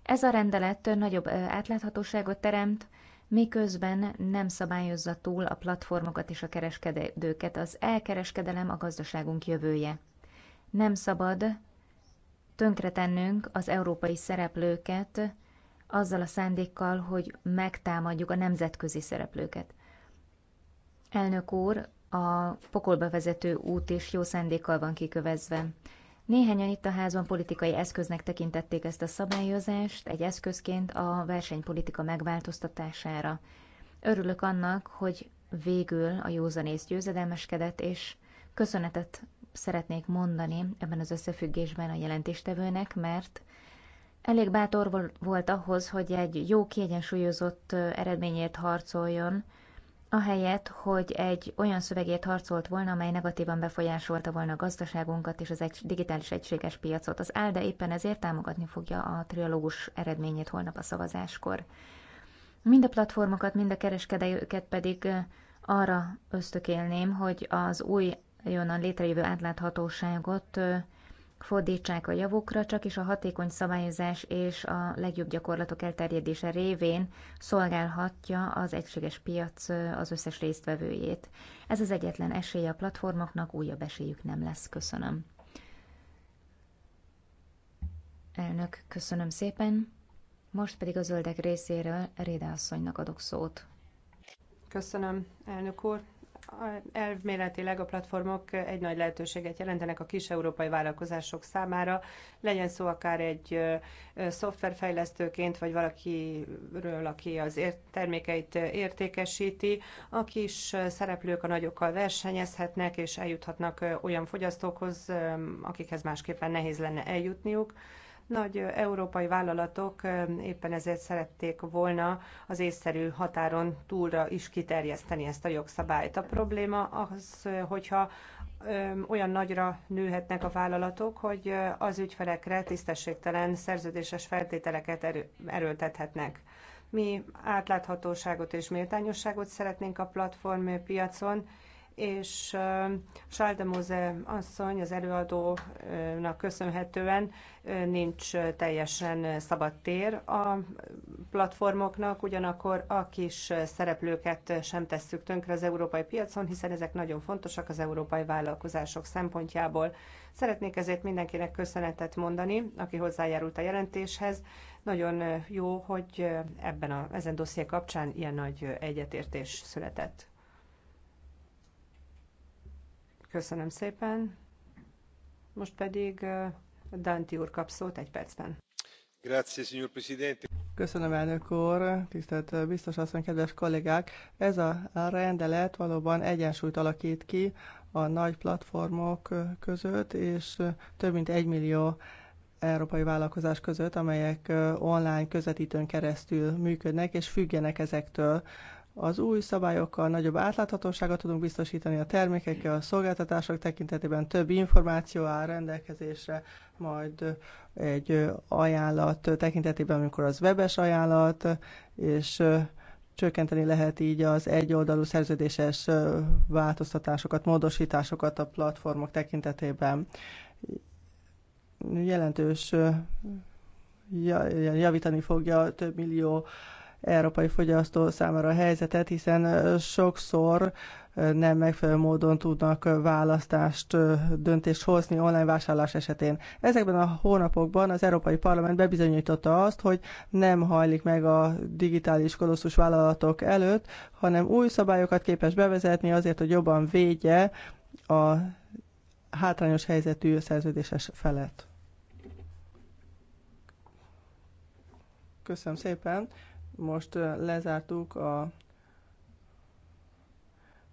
Ez a rendelet nagyobb átláthatóságot teremt, miközben nem szabályozza túl a platformokat és a kereskedőket. Az elkereskedelem a gazdaságunk jövője. Nem szabad tönkretennünk az európai szereplőket azzal a szándékkal, hogy megtámadjuk a nemzetközi szereplőket. Elnök úr, a pokolba vezető út is jó szándékkal van kikövezve. Néhányan itt a házban politikai eszköznek tekintették ezt a szabályozást, egy eszközként a versenypolitika megváltoztatására. Örülök annak, hogy végül a józanész győzedelmeskedett, és köszönetet szeretnék mondani ebben az összefüggésben a jelentéstevőnek, mert elég bátor volt ahhoz, hogy egy jó kiegyensúlyozott eredményért harcoljon, ahelyett, hogy egy olyan szövegért harcolt volna, amely negatívan befolyásolta volna a gazdaságunkat és az egy digitális egységes piacot. Az ALDE éppen ezért támogatni fogja a trialógus eredményét holnap a szavazáskor. Mind a platformokat, mind a kereskedőket pedig arra ösztökélném, hogy az új, jonnan létrejövő átláthatóságot fordítsák a javukra, csak is a hatékony szabályozás és a legjobb gyakorlatok elterjedése révén szolgálhatja az egységes piac eh, az összes résztvevőjét. Ez az egyetlen esélye a platformoknak, újabb esélyük nem lesz. Köszönöm. Elnök, köszönöm szépen. Most pedig a zöldek részéről Réda asszonynak adok szót. Köszönöm, elnök úr. Elméletileg a platformok egy nagy lehetőséget jelentenek a kis európai vállalkozások számára, legyen szó akár egy szoftverfejlesztőként, vagy valakiről, aki az ért termékeit értékesíti. A kis szereplők a nagyokkal versenyezhetnek, és eljuthatnak olyan fogyasztókhoz, akikhez másképpen nehéz lenne eljutniuk. Nagy európai vállalatok éppen ezért szerették volna az észszerű határon túlra is kiterjeszteni ezt a jogszabályt. A probléma az, hogyha olyan nagyra nőhetnek a vállalatok, hogy az ügyfelekre tisztességtelen szerződéses feltételeket erő, erőltethetnek. Mi átláthatóságot és méltányosságot szeretnénk a platform piacon, és Sáldemóze asszony az előadónak köszönhetően nincs teljesen szabad tér a platformoknak, ugyanakkor a kis szereplőket sem tesszük tönkre az európai piacon, hiszen ezek nagyon fontosak az európai vállalkozások szempontjából. Szeretnék ezért mindenkinek köszönetet mondani, aki hozzájárult a jelentéshez. Nagyon jó, hogy ebben a, ezen dosszié kapcsán ilyen nagy egyetértés született. Köszönöm szépen. Most pedig Danti úr kap szót egy percben. Grazie, signor Presidente. Köszönöm, elnök úr, tisztelt biztos asszony, kedves kollégák! Ez a rendelet valóban egyensúlyt alakít ki a nagy platformok között, és több mint egy millió európai vállalkozás között, amelyek online közvetítőn keresztül működnek, és függenek ezektől az új szabályokkal nagyobb átláthatóságot tudunk biztosítani a termékekkel, a szolgáltatások tekintetében több információ áll rendelkezésre, majd egy ajánlat tekintetében, amikor az webes ajánlat, és csökkenteni lehet így az egyoldalú szerződéses változtatásokat, módosításokat a platformok tekintetében. Jelentős javítani fogja több millió európai fogyasztó számára a helyzetet, hiszen sokszor nem megfelelő módon tudnak választást, döntést hozni online vásárlás esetén. Ezekben a hónapokban az Európai Parlament bebizonyította azt, hogy nem hajlik meg a digitális kolosszus vállalatok előtt, hanem új szabályokat képes bevezetni azért, hogy jobban védje a hátrányos helyzetű szerződéses felet. Köszönöm szépen. Most lezártuk a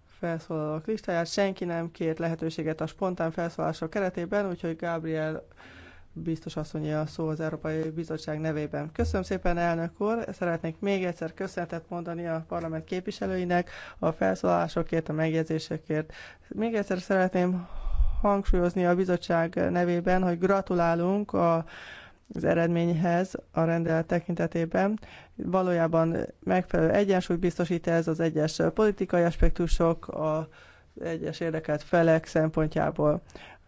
felszólalók listáját. Senki nem kért lehetőséget a spontán felszólások keretében, úgyhogy Gabriel biztos asszonyja a szó az Európai Bizottság nevében. Köszönöm szépen, elnök úr! Szeretnék még egyszer köszönetet mondani a parlament képviselőinek a felszólásokért, a megjegyzésekért. Még egyszer szeretném hangsúlyozni a bizottság nevében, hogy gratulálunk a az eredményhez a rendelet tekintetében. Valójában megfelelő egyensúly biztosít ez az egyes politikai aspektusok, a egyes érdekelt felek szempontjából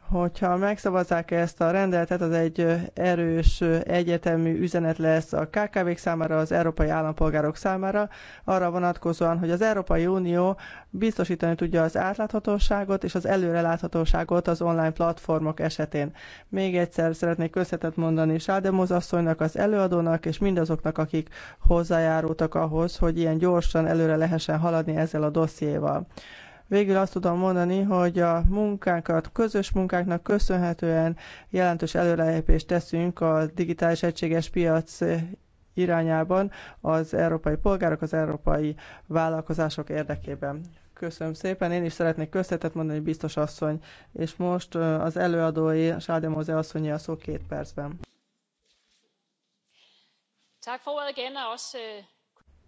hogyha megszavazzák ezt a rendeletet, az egy erős, egyetemű üzenet lesz a KKV-k számára, az európai állampolgárok számára, arra vonatkozóan, hogy az Európai Unió biztosítani tudja az átláthatóságot és az előreláthatóságot az online platformok esetén. Még egyszer szeretnék köszönetet mondani Sádemoz asszonynak, az előadónak és mindazoknak, akik hozzájárultak ahhoz, hogy ilyen gyorsan előre lehessen haladni ezzel a dossziéval. Végül azt tudom mondani, hogy a munkánkat, közös munkánknak köszönhetően jelentős előrelépést teszünk a digitális egységes piac irányában az európai polgárok, az európai vállalkozások érdekében. Köszönöm szépen. Én is szeretnék köszönetet mondani, biztos asszony. És most az előadói, Sáde Móze asszonyi a szó két percben.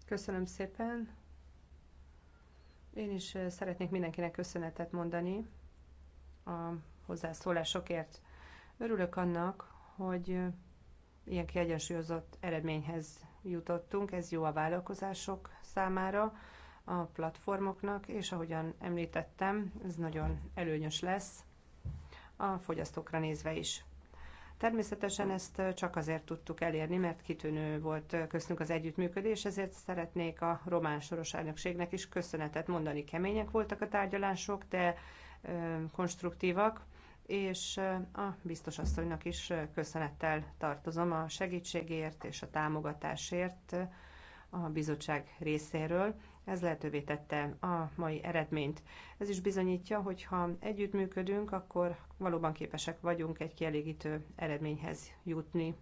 Köszönöm szépen. Én is eh, szeretnék mindenkinek köszönetet mondani a hozzászólásokért. Örülök annak, hogy eh, ilyen kiegyensúlyozott eredményhez jutottunk. Ez jó a vállalkozások számára, a platformoknak, és ahogyan említettem, ez nagyon előnyös lesz a fogyasztókra nézve is. Természetesen ezt csak azért tudtuk elérni, mert kitűnő volt köztünk az együttműködés, ezért szeretnék a román soros elnökségnek is köszönetet mondani. Kemények voltak a tárgyalások, de konstruktívak, és a biztos asszonynak is köszönettel tartozom a segítségért és a támogatásért a bizottság részéről, ez lehetővé tette a mai eredményt. Ez is bizonyítja, hogy ha együttműködünk, akkor valóban képesek vagyunk egy kielégítő eredményhez jutni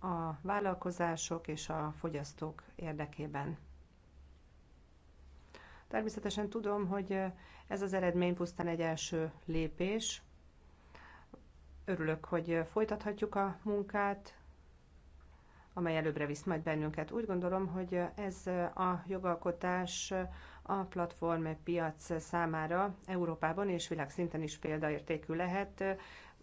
a vállalkozások és a fogyasztók érdekében. Természetesen tudom, hogy ez az eredmény pusztán egy első lépés. Örülök, hogy folytathatjuk a munkát, amely előbbre visz majd bennünket. Úgy gondolom, hogy ez a jogalkotás a platform piac számára Európában és világszinten is példaértékű lehet,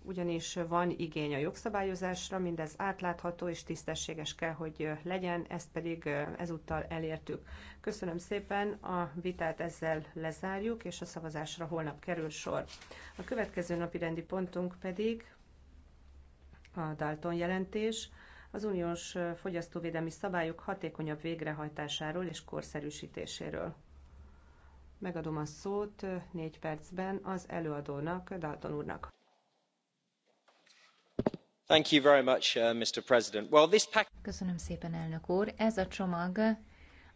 ugyanis van igény a jogszabályozásra, mindez átlátható és tisztességes kell, hogy legyen, ezt pedig ezúttal elértük. Köszönöm szépen, a vitát ezzel lezárjuk, és a szavazásra holnap kerül sor. A következő napi rendi pontunk pedig a Dalton jelentés, az uniós fogyasztóvédelmi szabályok hatékonyabb végrehajtásáról és korszerűsítéséről. Megadom a szót négy percben az előadónak, Dalton úrnak. Thank you very much, uh, Mr. President. Well, this pack... Köszönöm szépen, elnök úr. Ez a csomag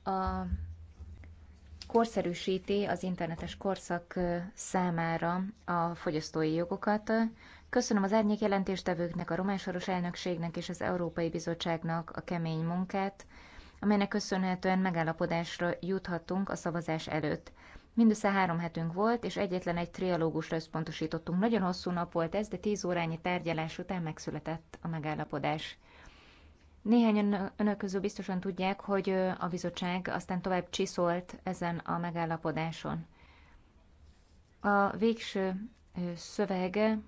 a korszerűsíti az internetes korszak számára a fogyasztói jogokat. Köszönöm az árnyék jelentéstevőknek, a román soros elnökségnek és az Európai Bizottságnak a kemény munkát, amelynek köszönhetően megállapodásra juthattunk a szavazás előtt. Mindössze három hetünk volt, és egyetlen egy trialógusra összpontosítottunk. Nagyon hosszú nap volt ez, de tíz órányi tárgyalás után megszületett a megállapodás. Néhány önök közül biztosan tudják, hogy a bizottság aztán tovább csiszolt ezen a megállapodáson. A végső szövege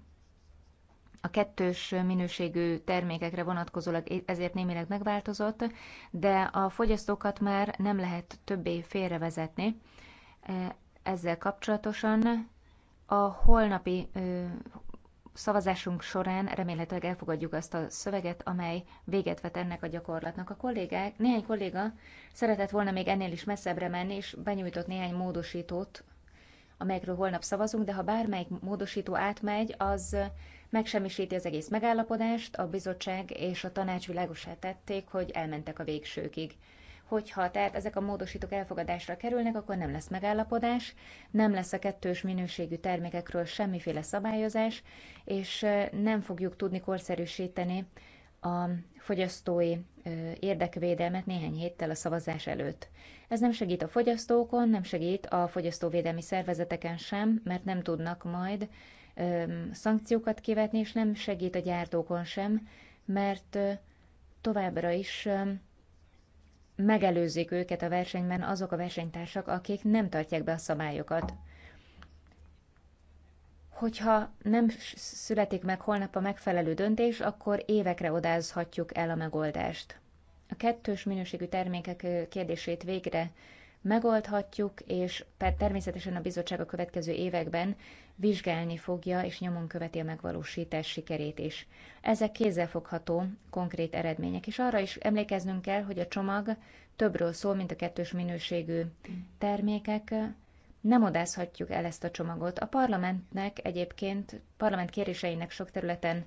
a kettős minőségű termékekre vonatkozólag ezért némileg megváltozott, de a fogyasztókat már nem lehet többé félrevezetni. E, ezzel kapcsolatosan a holnapi szavazásunk során remélhetőleg elfogadjuk azt a szöveget, amely véget vet ennek a gyakorlatnak. A kollégák, néhány kolléga szeretett volna még ennél is messzebbre menni, és benyújtott néhány módosítót, amelyekről holnap szavazunk, de ha bármelyik módosító átmegy, az megsemmisíti az egész megállapodást, a bizottság és a tanács világosá tették, hogy elmentek a végsőkig. Hogyha tehát ezek a módosítók elfogadásra kerülnek, akkor nem lesz megállapodás, nem lesz a kettős minőségű termékekről semmiféle szabályozás, és nem fogjuk tudni korszerűsíteni a fogyasztói érdekvédelmet néhány héttel a szavazás előtt. Ez nem segít a fogyasztókon, nem segít a fogyasztóvédelmi szervezeteken sem, mert nem tudnak majd szankciókat kivetni, és nem segít a gyártókon sem, mert továbbra is megelőzik őket a versenyben azok a versenytársak, akik nem tartják be a szabályokat. Hogyha nem születik meg holnap a megfelelő döntés, akkor évekre odázhatjuk el a megoldást. A kettős minőségű termékek kérdését végre megoldhatjuk, és természetesen a bizottság a következő években vizsgálni fogja és nyomon követi a megvalósítás sikerét is. Ezek kézzelfogható konkrét eredmények, és arra is emlékeznünk kell, hogy a csomag többről szól, mint a kettős minőségű termékek, nem odázhatjuk el ezt a csomagot. A parlamentnek egyébként, parlament kéréseinek sok területen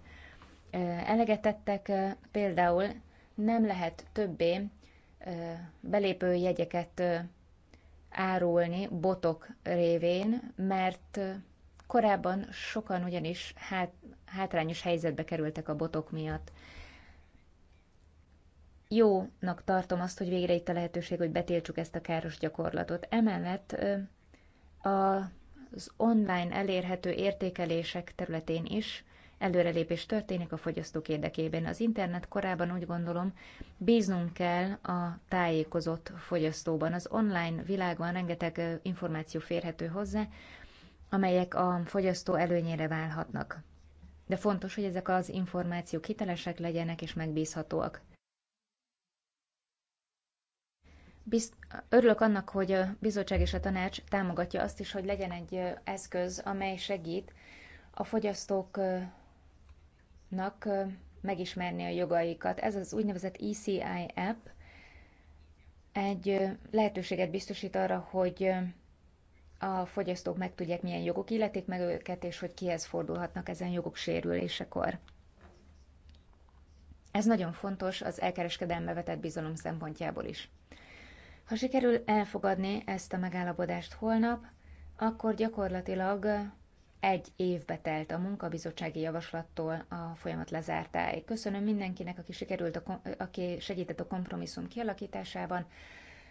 elegetettek, például nem lehet többé belépő jegyeket árulni botok révén, mert korábban sokan ugyanis hát, hátrányos helyzetbe kerültek a botok miatt. Jónak tartom azt, hogy végre itt a lehetőség, hogy betiltsuk ezt a káros gyakorlatot. Emellett az online elérhető értékelések területén is előrelépés történik a fogyasztók érdekében. Az internet korában úgy gondolom, bíznunk kell a tájékozott fogyasztóban. Az online világban rengeteg információ férhető hozzá, amelyek a fogyasztó előnyére válhatnak. De fontos, hogy ezek az információk hitelesek legyenek és megbízhatóak. Bizt, örülök annak, hogy a bizottság és a tanács támogatja azt is, hogy legyen egy eszköz, amely segít a fogyasztók nak megismerni a jogaikat. Ez az úgynevezett ECI app egy lehetőséget biztosít arra, hogy a fogyasztók meg tudják milyen jogok illetik meg őket, és hogy kihez fordulhatnak ezen jogok sérülésekor. Ez nagyon fontos az elkereskedelme vetett bizalom szempontjából is. Ha sikerül elfogadni ezt a megállapodást holnap, akkor gyakorlatilag egy évbe telt a munkabizottsági javaslattól a folyamat lezártáig. Köszönöm mindenkinek, aki, sikerült a, aki segített a kompromisszum kialakításában.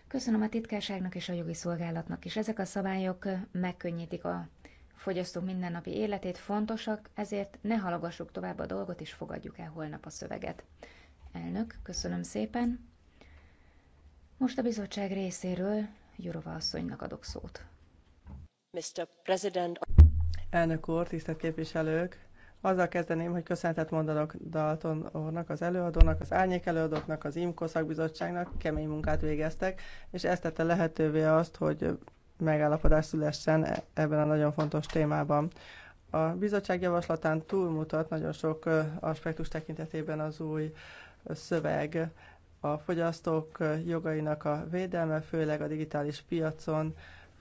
Köszönöm a titkárságnak és a jogi szolgálatnak is. Ezek a szabályok megkönnyítik a fogyasztók mindennapi életét, fontosak, ezért ne halogassuk tovább a dolgot, és fogadjuk el holnap a szöveget. Elnök, köszönöm szépen. Most a bizottság részéről Jurova asszonynak adok szót. Mr. President. Elnök úr, tisztelt képviselők! Azzal kezdeném, hogy köszönetet mondanak Dalton úrnak, az előadónak, az árnyék előadóknak, az IMKO szakbizottságnak, kemény munkát végeztek, és ezt tette lehetővé azt, hogy megállapodás szülessen e- ebben a nagyon fontos témában. A bizottság javaslatán túlmutat nagyon sok aspektus tekintetében az új szöveg. A fogyasztók jogainak a védelme, főleg a digitális piacon,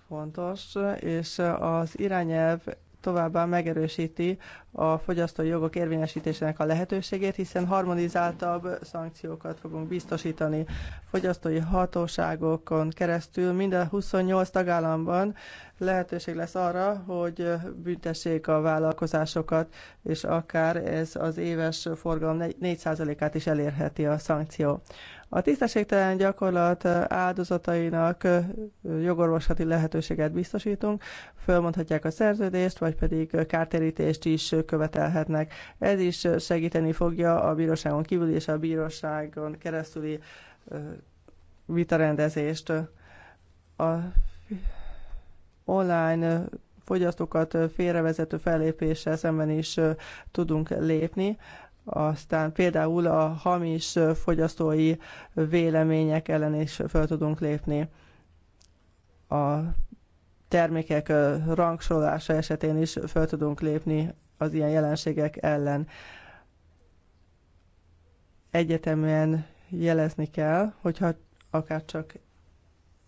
fontos, és az irányelv továbbá megerősíti a fogyasztói jogok érvényesítésének a lehetőségét, hiszen harmonizáltabb szankciókat fogunk biztosítani fogyasztói hatóságokon keresztül. Minden 28 tagállamban lehetőség lesz arra, hogy büntessék a vállalkozásokat, és akár ez az éves forgalom 4%-át is elérheti a szankció. A tisztességtelen gyakorlat áldozatainak jogorvoslati lehetőséget biztosítunk, fölmondhatják a szerződést, vagy pedig kártérítést is követelhetnek. Ez is segíteni fogja a bíróságon kívül és a bíróságon keresztüli vitarendezést. A online fogyasztókat félrevezető fellépéssel szemben is tudunk lépni. Aztán például a hamis fogyasztói vélemények ellen is fel tudunk lépni. A termékek rangsorolása esetén is fel tudunk lépni az ilyen jelenségek ellen. Egyeteműen jelezni kell, hogyha akár csak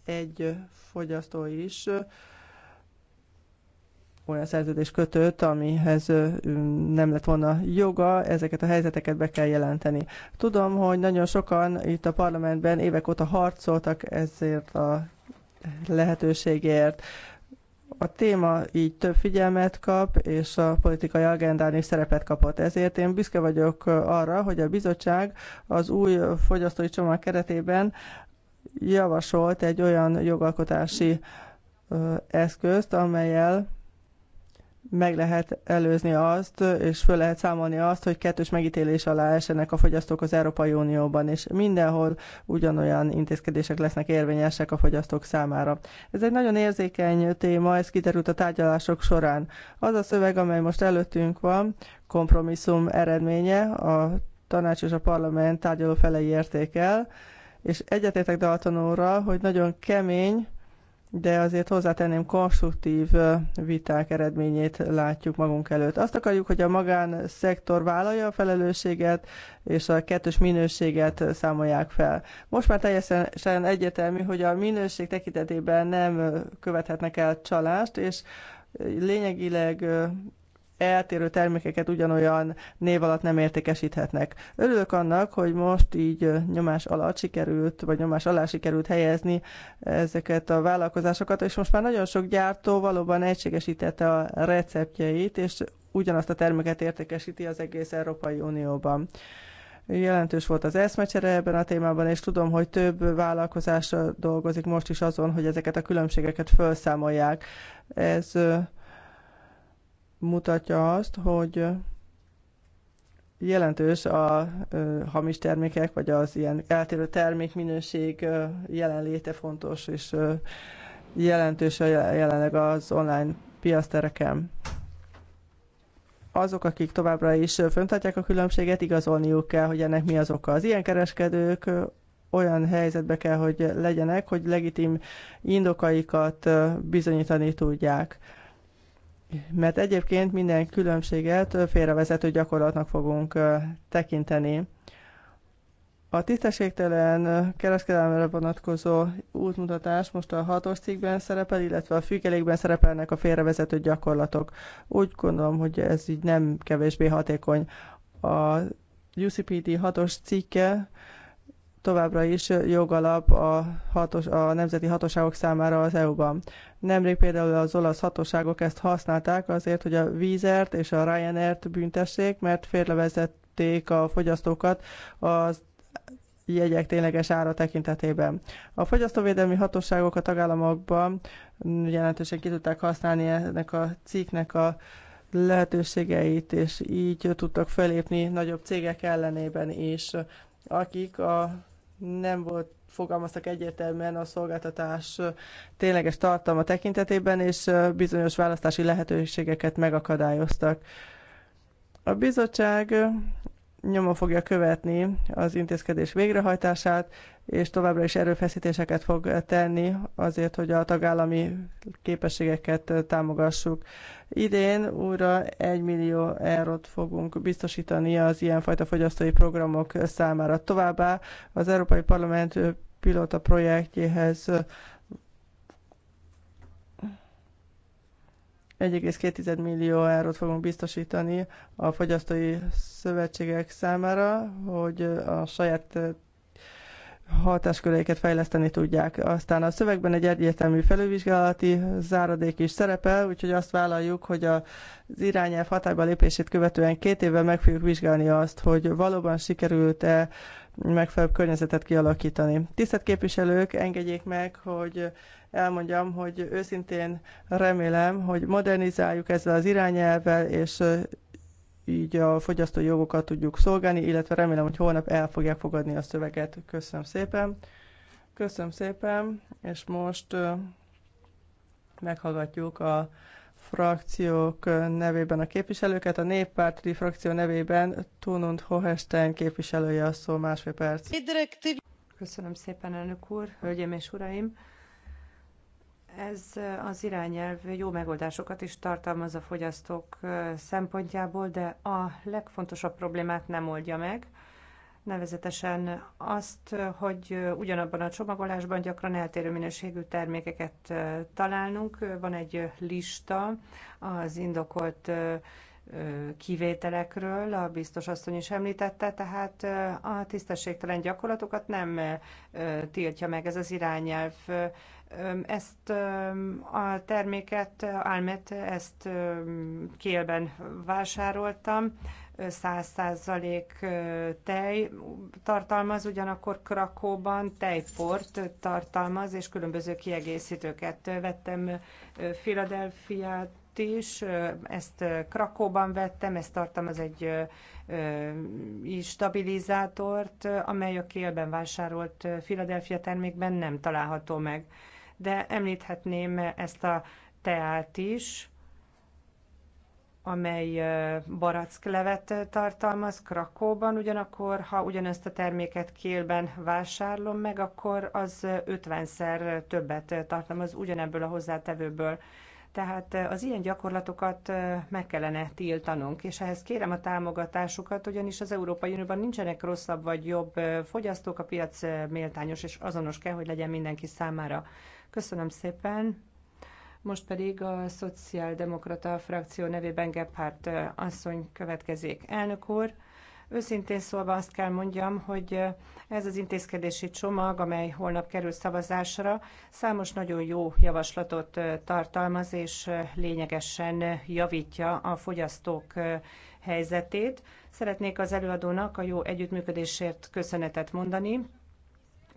egy fogyasztó is olyan szerződés kötött, amihez nem lett volna joga, ezeket a helyzeteket be kell jelenteni. Tudom, hogy nagyon sokan itt a parlamentben évek óta harcoltak ezért a lehetőségért. A téma így több figyelmet kap, és a politikai agendán is szerepet kapott. Ezért én büszke vagyok arra, hogy a bizottság az új fogyasztói csomag keretében javasolt egy olyan jogalkotási eszközt, amelyel meg lehet előzni azt, és föl lehet számolni azt, hogy kettős megítélés alá esenek a fogyasztók az Európai Unióban, és mindenhol ugyanolyan intézkedések lesznek érvényesek a fogyasztók számára. Ez egy nagyon érzékeny téma, ez kiderült a tárgyalások során. Az a szöveg, amely most előttünk van, kompromisszum eredménye, a tanács és a parlament tárgyaló felei érték el, és egyetértek Daltonóra, hogy nagyon kemény, de azért hozzátenném konstruktív viták eredményét látjuk magunk előtt. Azt akarjuk, hogy a magánszektor vállalja a felelősséget, és a kettős minőséget számolják fel. Most már teljesen egyetemű, hogy a minőség tekintetében nem követhetnek el csalást, és lényegileg eltérő termékeket ugyanolyan név alatt nem értékesíthetnek. Örülök annak, hogy most így nyomás alatt sikerült, vagy nyomás alá sikerült helyezni ezeket a vállalkozásokat, és most már nagyon sok gyártó valóban egységesítette a receptjeit, és ugyanazt a terméket értékesíti az egész Európai Unióban jelentős volt az eszmecsere ebben a témában, és tudom, hogy több vállalkozás dolgozik most is azon, hogy ezeket a különbségeket felszámolják. Ez mutatja azt, hogy jelentős a hamis termékek, vagy az ilyen eltérő termékminőség jelenléte fontos, és jelentős a jelenleg az online piasztereken. Azok, akik továbbra is föntartják a különbséget, igazolniuk kell, hogy ennek mi az oka. Az ilyen kereskedők olyan helyzetbe kell, hogy legyenek, hogy legitim indokaikat bizonyítani tudják mert egyébként minden különbséget félrevezető gyakorlatnak fogunk tekinteni. A tisztességtelen kereskedelemre vonatkozó útmutatás most a hatos cikkben szerepel, illetve a függelékben szerepelnek a félrevezető gyakorlatok. Úgy gondolom, hogy ez így nem kevésbé hatékony. A UCPD hatos cikke továbbra is jogalap a, hatos, a nemzeti hatóságok számára az EU-ban. Nemrég például az olasz hatóságok ezt használták azért, hogy a Vízert és a Ryanair-t büntessék, mert félrevezették a fogyasztókat az jegyek tényleges ára tekintetében. A fogyasztóvédelmi hatóságok a tagállamokban jelentősen ki tudták használni ennek a cikknek a lehetőségeit, és így tudtak felépni nagyobb cégek ellenében is akik a, nem volt fogalmaztak egyértelműen a szolgáltatás tényleges tartalma tekintetében, és bizonyos választási lehetőségeket megakadályoztak. A bizottság nyomon fogja követni az intézkedés végrehajtását, és továbbra is erőfeszítéseket fog tenni azért, hogy a tagállami képességeket támogassuk. Idén újra 1 millió eurót fogunk biztosítani az ilyenfajta fogyasztói programok számára. Továbbá az Európai Parlament pilota projektjéhez 1,2 millió eurót fogunk biztosítani a fogyasztói szövetségek számára, hogy a saját hatásköréket fejleszteni tudják. Aztán a szövegben egy egyértelmű felülvizsgálati záradék is szerepel, úgyhogy azt vállaljuk, hogy az irányelv hatályba lépését követően két évvel meg fogjuk vizsgálni azt, hogy valóban sikerült-e megfelelő környezetet kialakítani. Tisztelt képviselők, engedjék meg, hogy elmondjam, hogy őszintén remélem, hogy modernizáljuk ezzel az irányelvvel, és így a fogyasztói jogokat tudjuk szolgálni, illetve remélem, hogy holnap el fogják fogadni a szöveget. Köszönöm szépen. Köszönöm szépen, és most meghallgatjuk a frakciók nevében a képviselőket. A néppárti frakció nevében Tunund Hohesten képviselője a szó másfél perc. Köszönöm szépen, elnök úr, hölgyeim és uraim! Ez az irányelv jó megoldásokat is tartalmaz a fogyasztók szempontjából, de a legfontosabb problémát nem oldja meg, nevezetesen azt, hogy ugyanabban a csomagolásban gyakran eltérő minőségű termékeket találnunk. Van egy lista az indokolt kivételekről, a biztos asszony is említette, tehát a tisztességtelen gyakorlatokat nem tiltja meg ez az irányelv ezt a terméket, Almet, ezt kélben vásároltam, 100% tej tartalmaz, ugyanakkor Krakóban tejport tartalmaz, és különböző kiegészítőket vettem Filadelfiát is, ezt Krakóban vettem, ezt tartalmaz egy stabilizátort, amely a kélben vásárolt Philadelphia termékben nem található meg de említhetném ezt a teát is, amely baracklevet tartalmaz Krakóban, ugyanakkor ha ugyanezt a terméket kélben vásárolom meg, akkor az 50-szer többet tartalmaz ugyanebből a hozzátevőből. Tehát az ilyen gyakorlatokat meg kellene tiltanunk, és ehhez kérem a támogatásukat, ugyanis az Európai Unióban nincsenek rosszabb vagy jobb fogyasztók, a piac méltányos és azonos kell, hogy legyen mindenki számára. Köszönöm szépen. Most pedig a Szociáldemokrata frakció nevében Gephardt asszony következik. Elnök úr, Őszintén szólva azt kell mondjam, hogy ez az intézkedési csomag, amely holnap kerül szavazásra, számos nagyon jó javaslatot tartalmaz, és lényegesen javítja a fogyasztók helyzetét. Szeretnék az előadónak a jó együttműködésért köszönetet mondani,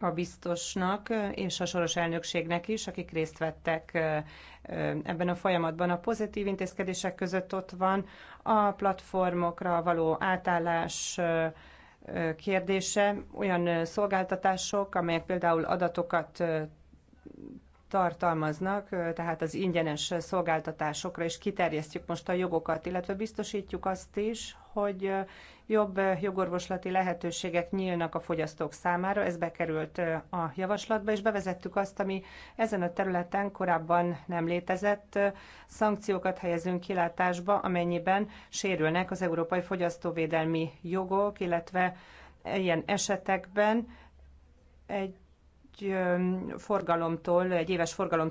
a biztosnak és a soros elnökségnek is, akik részt vettek ebben a folyamatban. A pozitív intézkedések között ott van a platformokra való átállás kérdése, olyan szolgáltatások, amelyek például adatokat tartalmaznak, tehát az ingyenes szolgáltatásokra is kiterjesztjük most a jogokat, illetve biztosítjuk azt is, hogy jobb eh, jogorvoslati lehetőségek nyílnak a fogyasztók számára. Ez bekerült eh, a javaslatba, és bevezettük azt, ami ezen a területen korábban nem létezett. Szankciókat helyezünk kilátásba, amennyiben sérülnek az európai fogyasztóvédelmi jogok, illetve ilyen esetekben egy eh, forgalomtól, egy éves forgalomtól